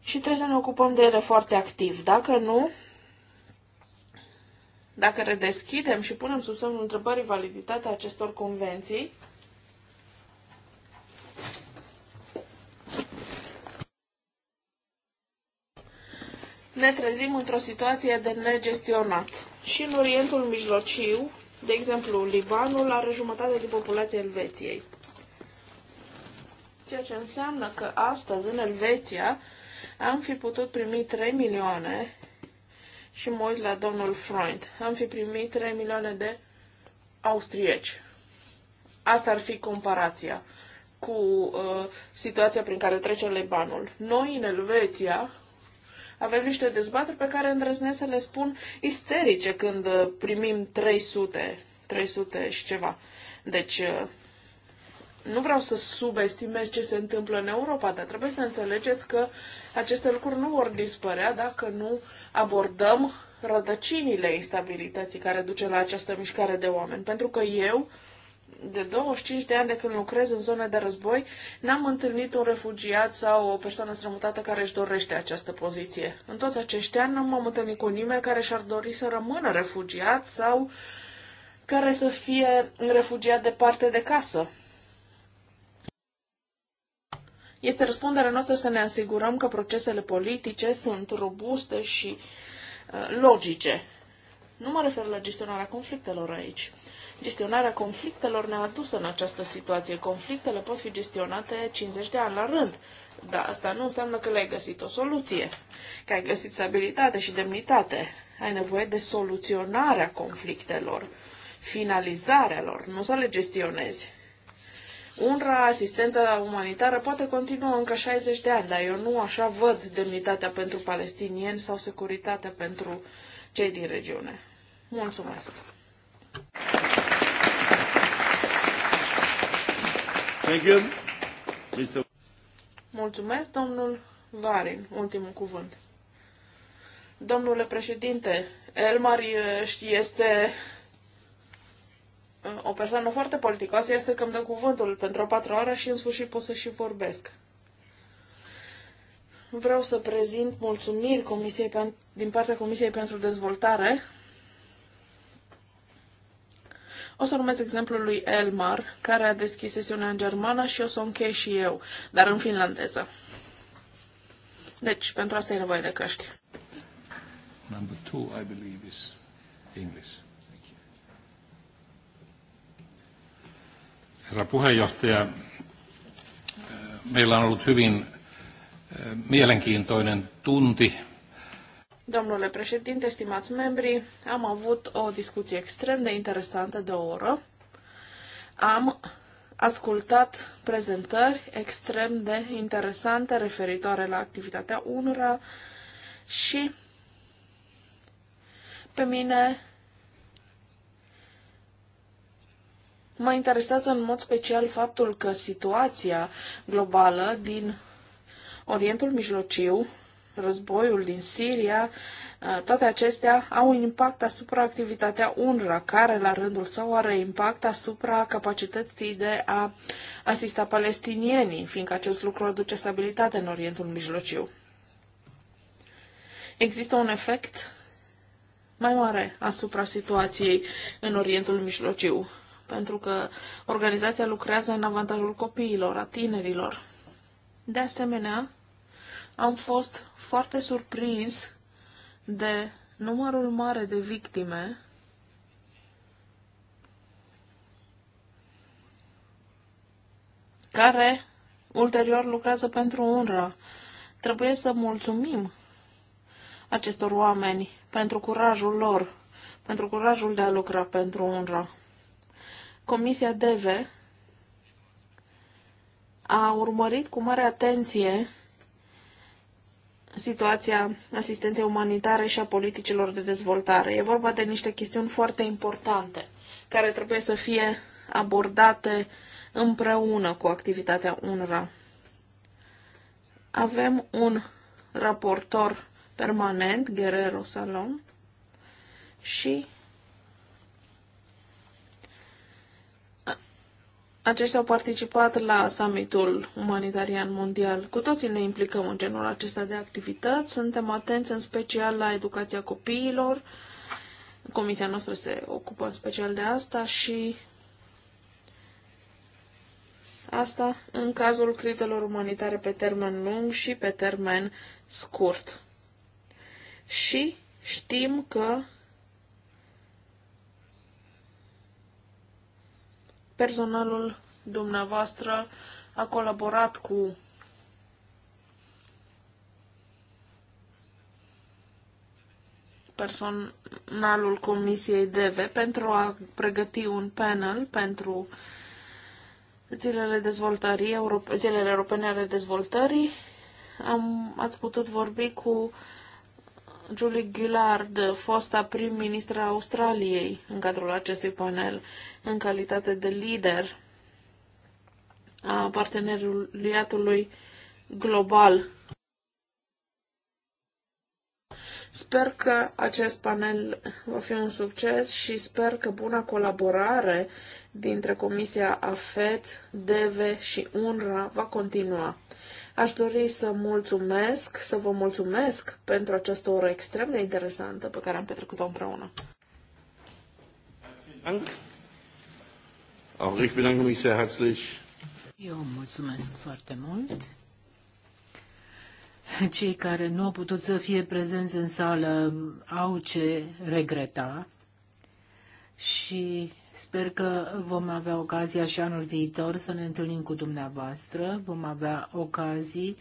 Și trebuie să ne ocupăm de ele foarte activ. Dacă nu, dacă redeschidem și punem sub semnul întrebării validitatea acestor convenții, ne trezim într-o situație de negestionat. Și în Orientul Mijlociu, de exemplu, Libanul are jumătate din populația Elveției. Ceea ce înseamnă că astăzi, în Elveția, am fi putut primi 3 milioane și mă uit la domnul Freund. Am fi primit 3 milioane de austrieci. Asta ar fi comparația cu uh, situația prin care trece Libanul. Noi, în Elveția, avem niște dezbateri pe care îndrăznesc să le spun isterice când uh, primim 300, 300 și ceva. Deci, uh, nu vreau să subestimez ce se întâmplă în Europa, dar trebuie să înțelegeți că aceste lucruri nu vor dispărea dacă nu abordăm rădăcinile instabilității care duce la această mișcare de oameni. Pentru că eu de 25 de ani de când lucrez în zone de război, n-am întâlnit un refugiat sau o persoană strămutată care își dorește această poziție. În toți acești ani nu m-am întâlnit cu nimeni care și-ar dori să rămână refugiat sau care să fie refugiat departe de casă. Este răspunderea noastră să ne asigurăm că procesele politice sunt robuste și uh, logice. Nu mă refer la gestionarea conflictelor aici. Gestionarea conflictelor ne-a adus în această situație. Conflictele pot fi gestionate 50 de ani la rând. Dar asta nu înseamnă că le-ai găsit o soluție, că ai găsit stabilitate și demnitate. Ai nevoie de soluționarea conflictelor, finalizarea lor, nu să le gestionezi. UNRWA, asistența umanitară, poate continua încă 60 de ani, dar eu nu așa văd demnitatea pentru palestinieni sau securitatea pentru cei din regiune. Mulțumesc! Thank you. Mr. Mulțumesc, domnul Varin. Ultimul cuvânt. Domnule președinte, Elmar este o persoană foarte politicoasă, este că îmi dă cuvântul pentru o patru ore și în sfârșit pot să și vorbesc. Vreau să prezint mulțumiri Comisiei, din partea Comisiei pentru Dezvoltare o să urmez exemplul lui Elmar, care a deschis sesiunea în germană și o să o închei și eu, dar în finlandeză. Deci, pentru asta e nevoie de căști. Number two, I believe, is English. Herra puheenjohtaja, meillä on ollut hyvin eh, mielenkiintoinen tunti Domnule președinte, stimați membri, am avut o discuție extrem de interesantă de o oră. Am ascultat prezentări extrem de interesante referitoare la activitatea UNRWA și pe mine mă interesează în mod special faptul că situația globală din Orientul Mijlociu războiul din Siria, uh, toate acestea au un impact asupra activitatea UNRWA, care la rândul său are impact asupra capacității de a asista palestinienii, fiindcă acest lucru aduce stabilitate în Orientul Mijlociu. Există un efect mai mare asupra situației în Orientul Mijlociu, pentru că organizația lucrează în avantajul copiilor, a tinerilor. De asemenea, am fost foarte surprins de numărul mare de victime care ulterior lucrează pentru UNRWA. Trebuie să mulțumim acestor oameni pentru curajul lor, pentru curajul de a lucra pentru UNRWA. Comisia DEVE a urmărit cu mare atenție situația asistenței umanitare și a politicilor de dezvoltare. E vorba de niște chestiuni foarte importante care trebuie să fie abordate împreună cu activitatea UNRWA. Avem un raportor permanent, Guerrero Salom, și Aceștia au participat la summitul umanitarian mondial. Cu toții ne implicăm în genul acesta de activități. Suntem atenți în special la educația copiilor. Comisia noastră se ocupă în special de asta și asta în cazul crizelor umanitare pe termen lung și pe termen scurt. Și știm că Personalul dumneavoastră a colaborat cu personalul Comisiei DEVE pentru a pregăti un panel pentru zilele, dezvoltării, zilele europene ale dezvoltării. Am, ați putut vorbi cu Julie Gillard, fosta prim-ministra Australiei, în cadrul acestui panel, în calitate de lider a parteneriatului global. Sper că acest panel va fi un succes și sper că buna colaborare dintre Comisia AFET, DEVE și UNRWA va continua. Aș dori să mulțumesc, să vă mulțumesc pentru această oră extrem de interesantă pe care am petrecut-o împreună. Auch ich bedanke mich sehr herzlich. Eu mulțumesc foarte mult. Cei care nu au putut să fie prezenți în sală au ce regreta și Sper că vom avea ocazia și anul viitor să ne întâlnim cu dumneavoastră. Vom avea ocazii.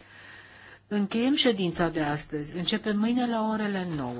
Încheiem ședința de astăzi. Începem mâine la orele 9.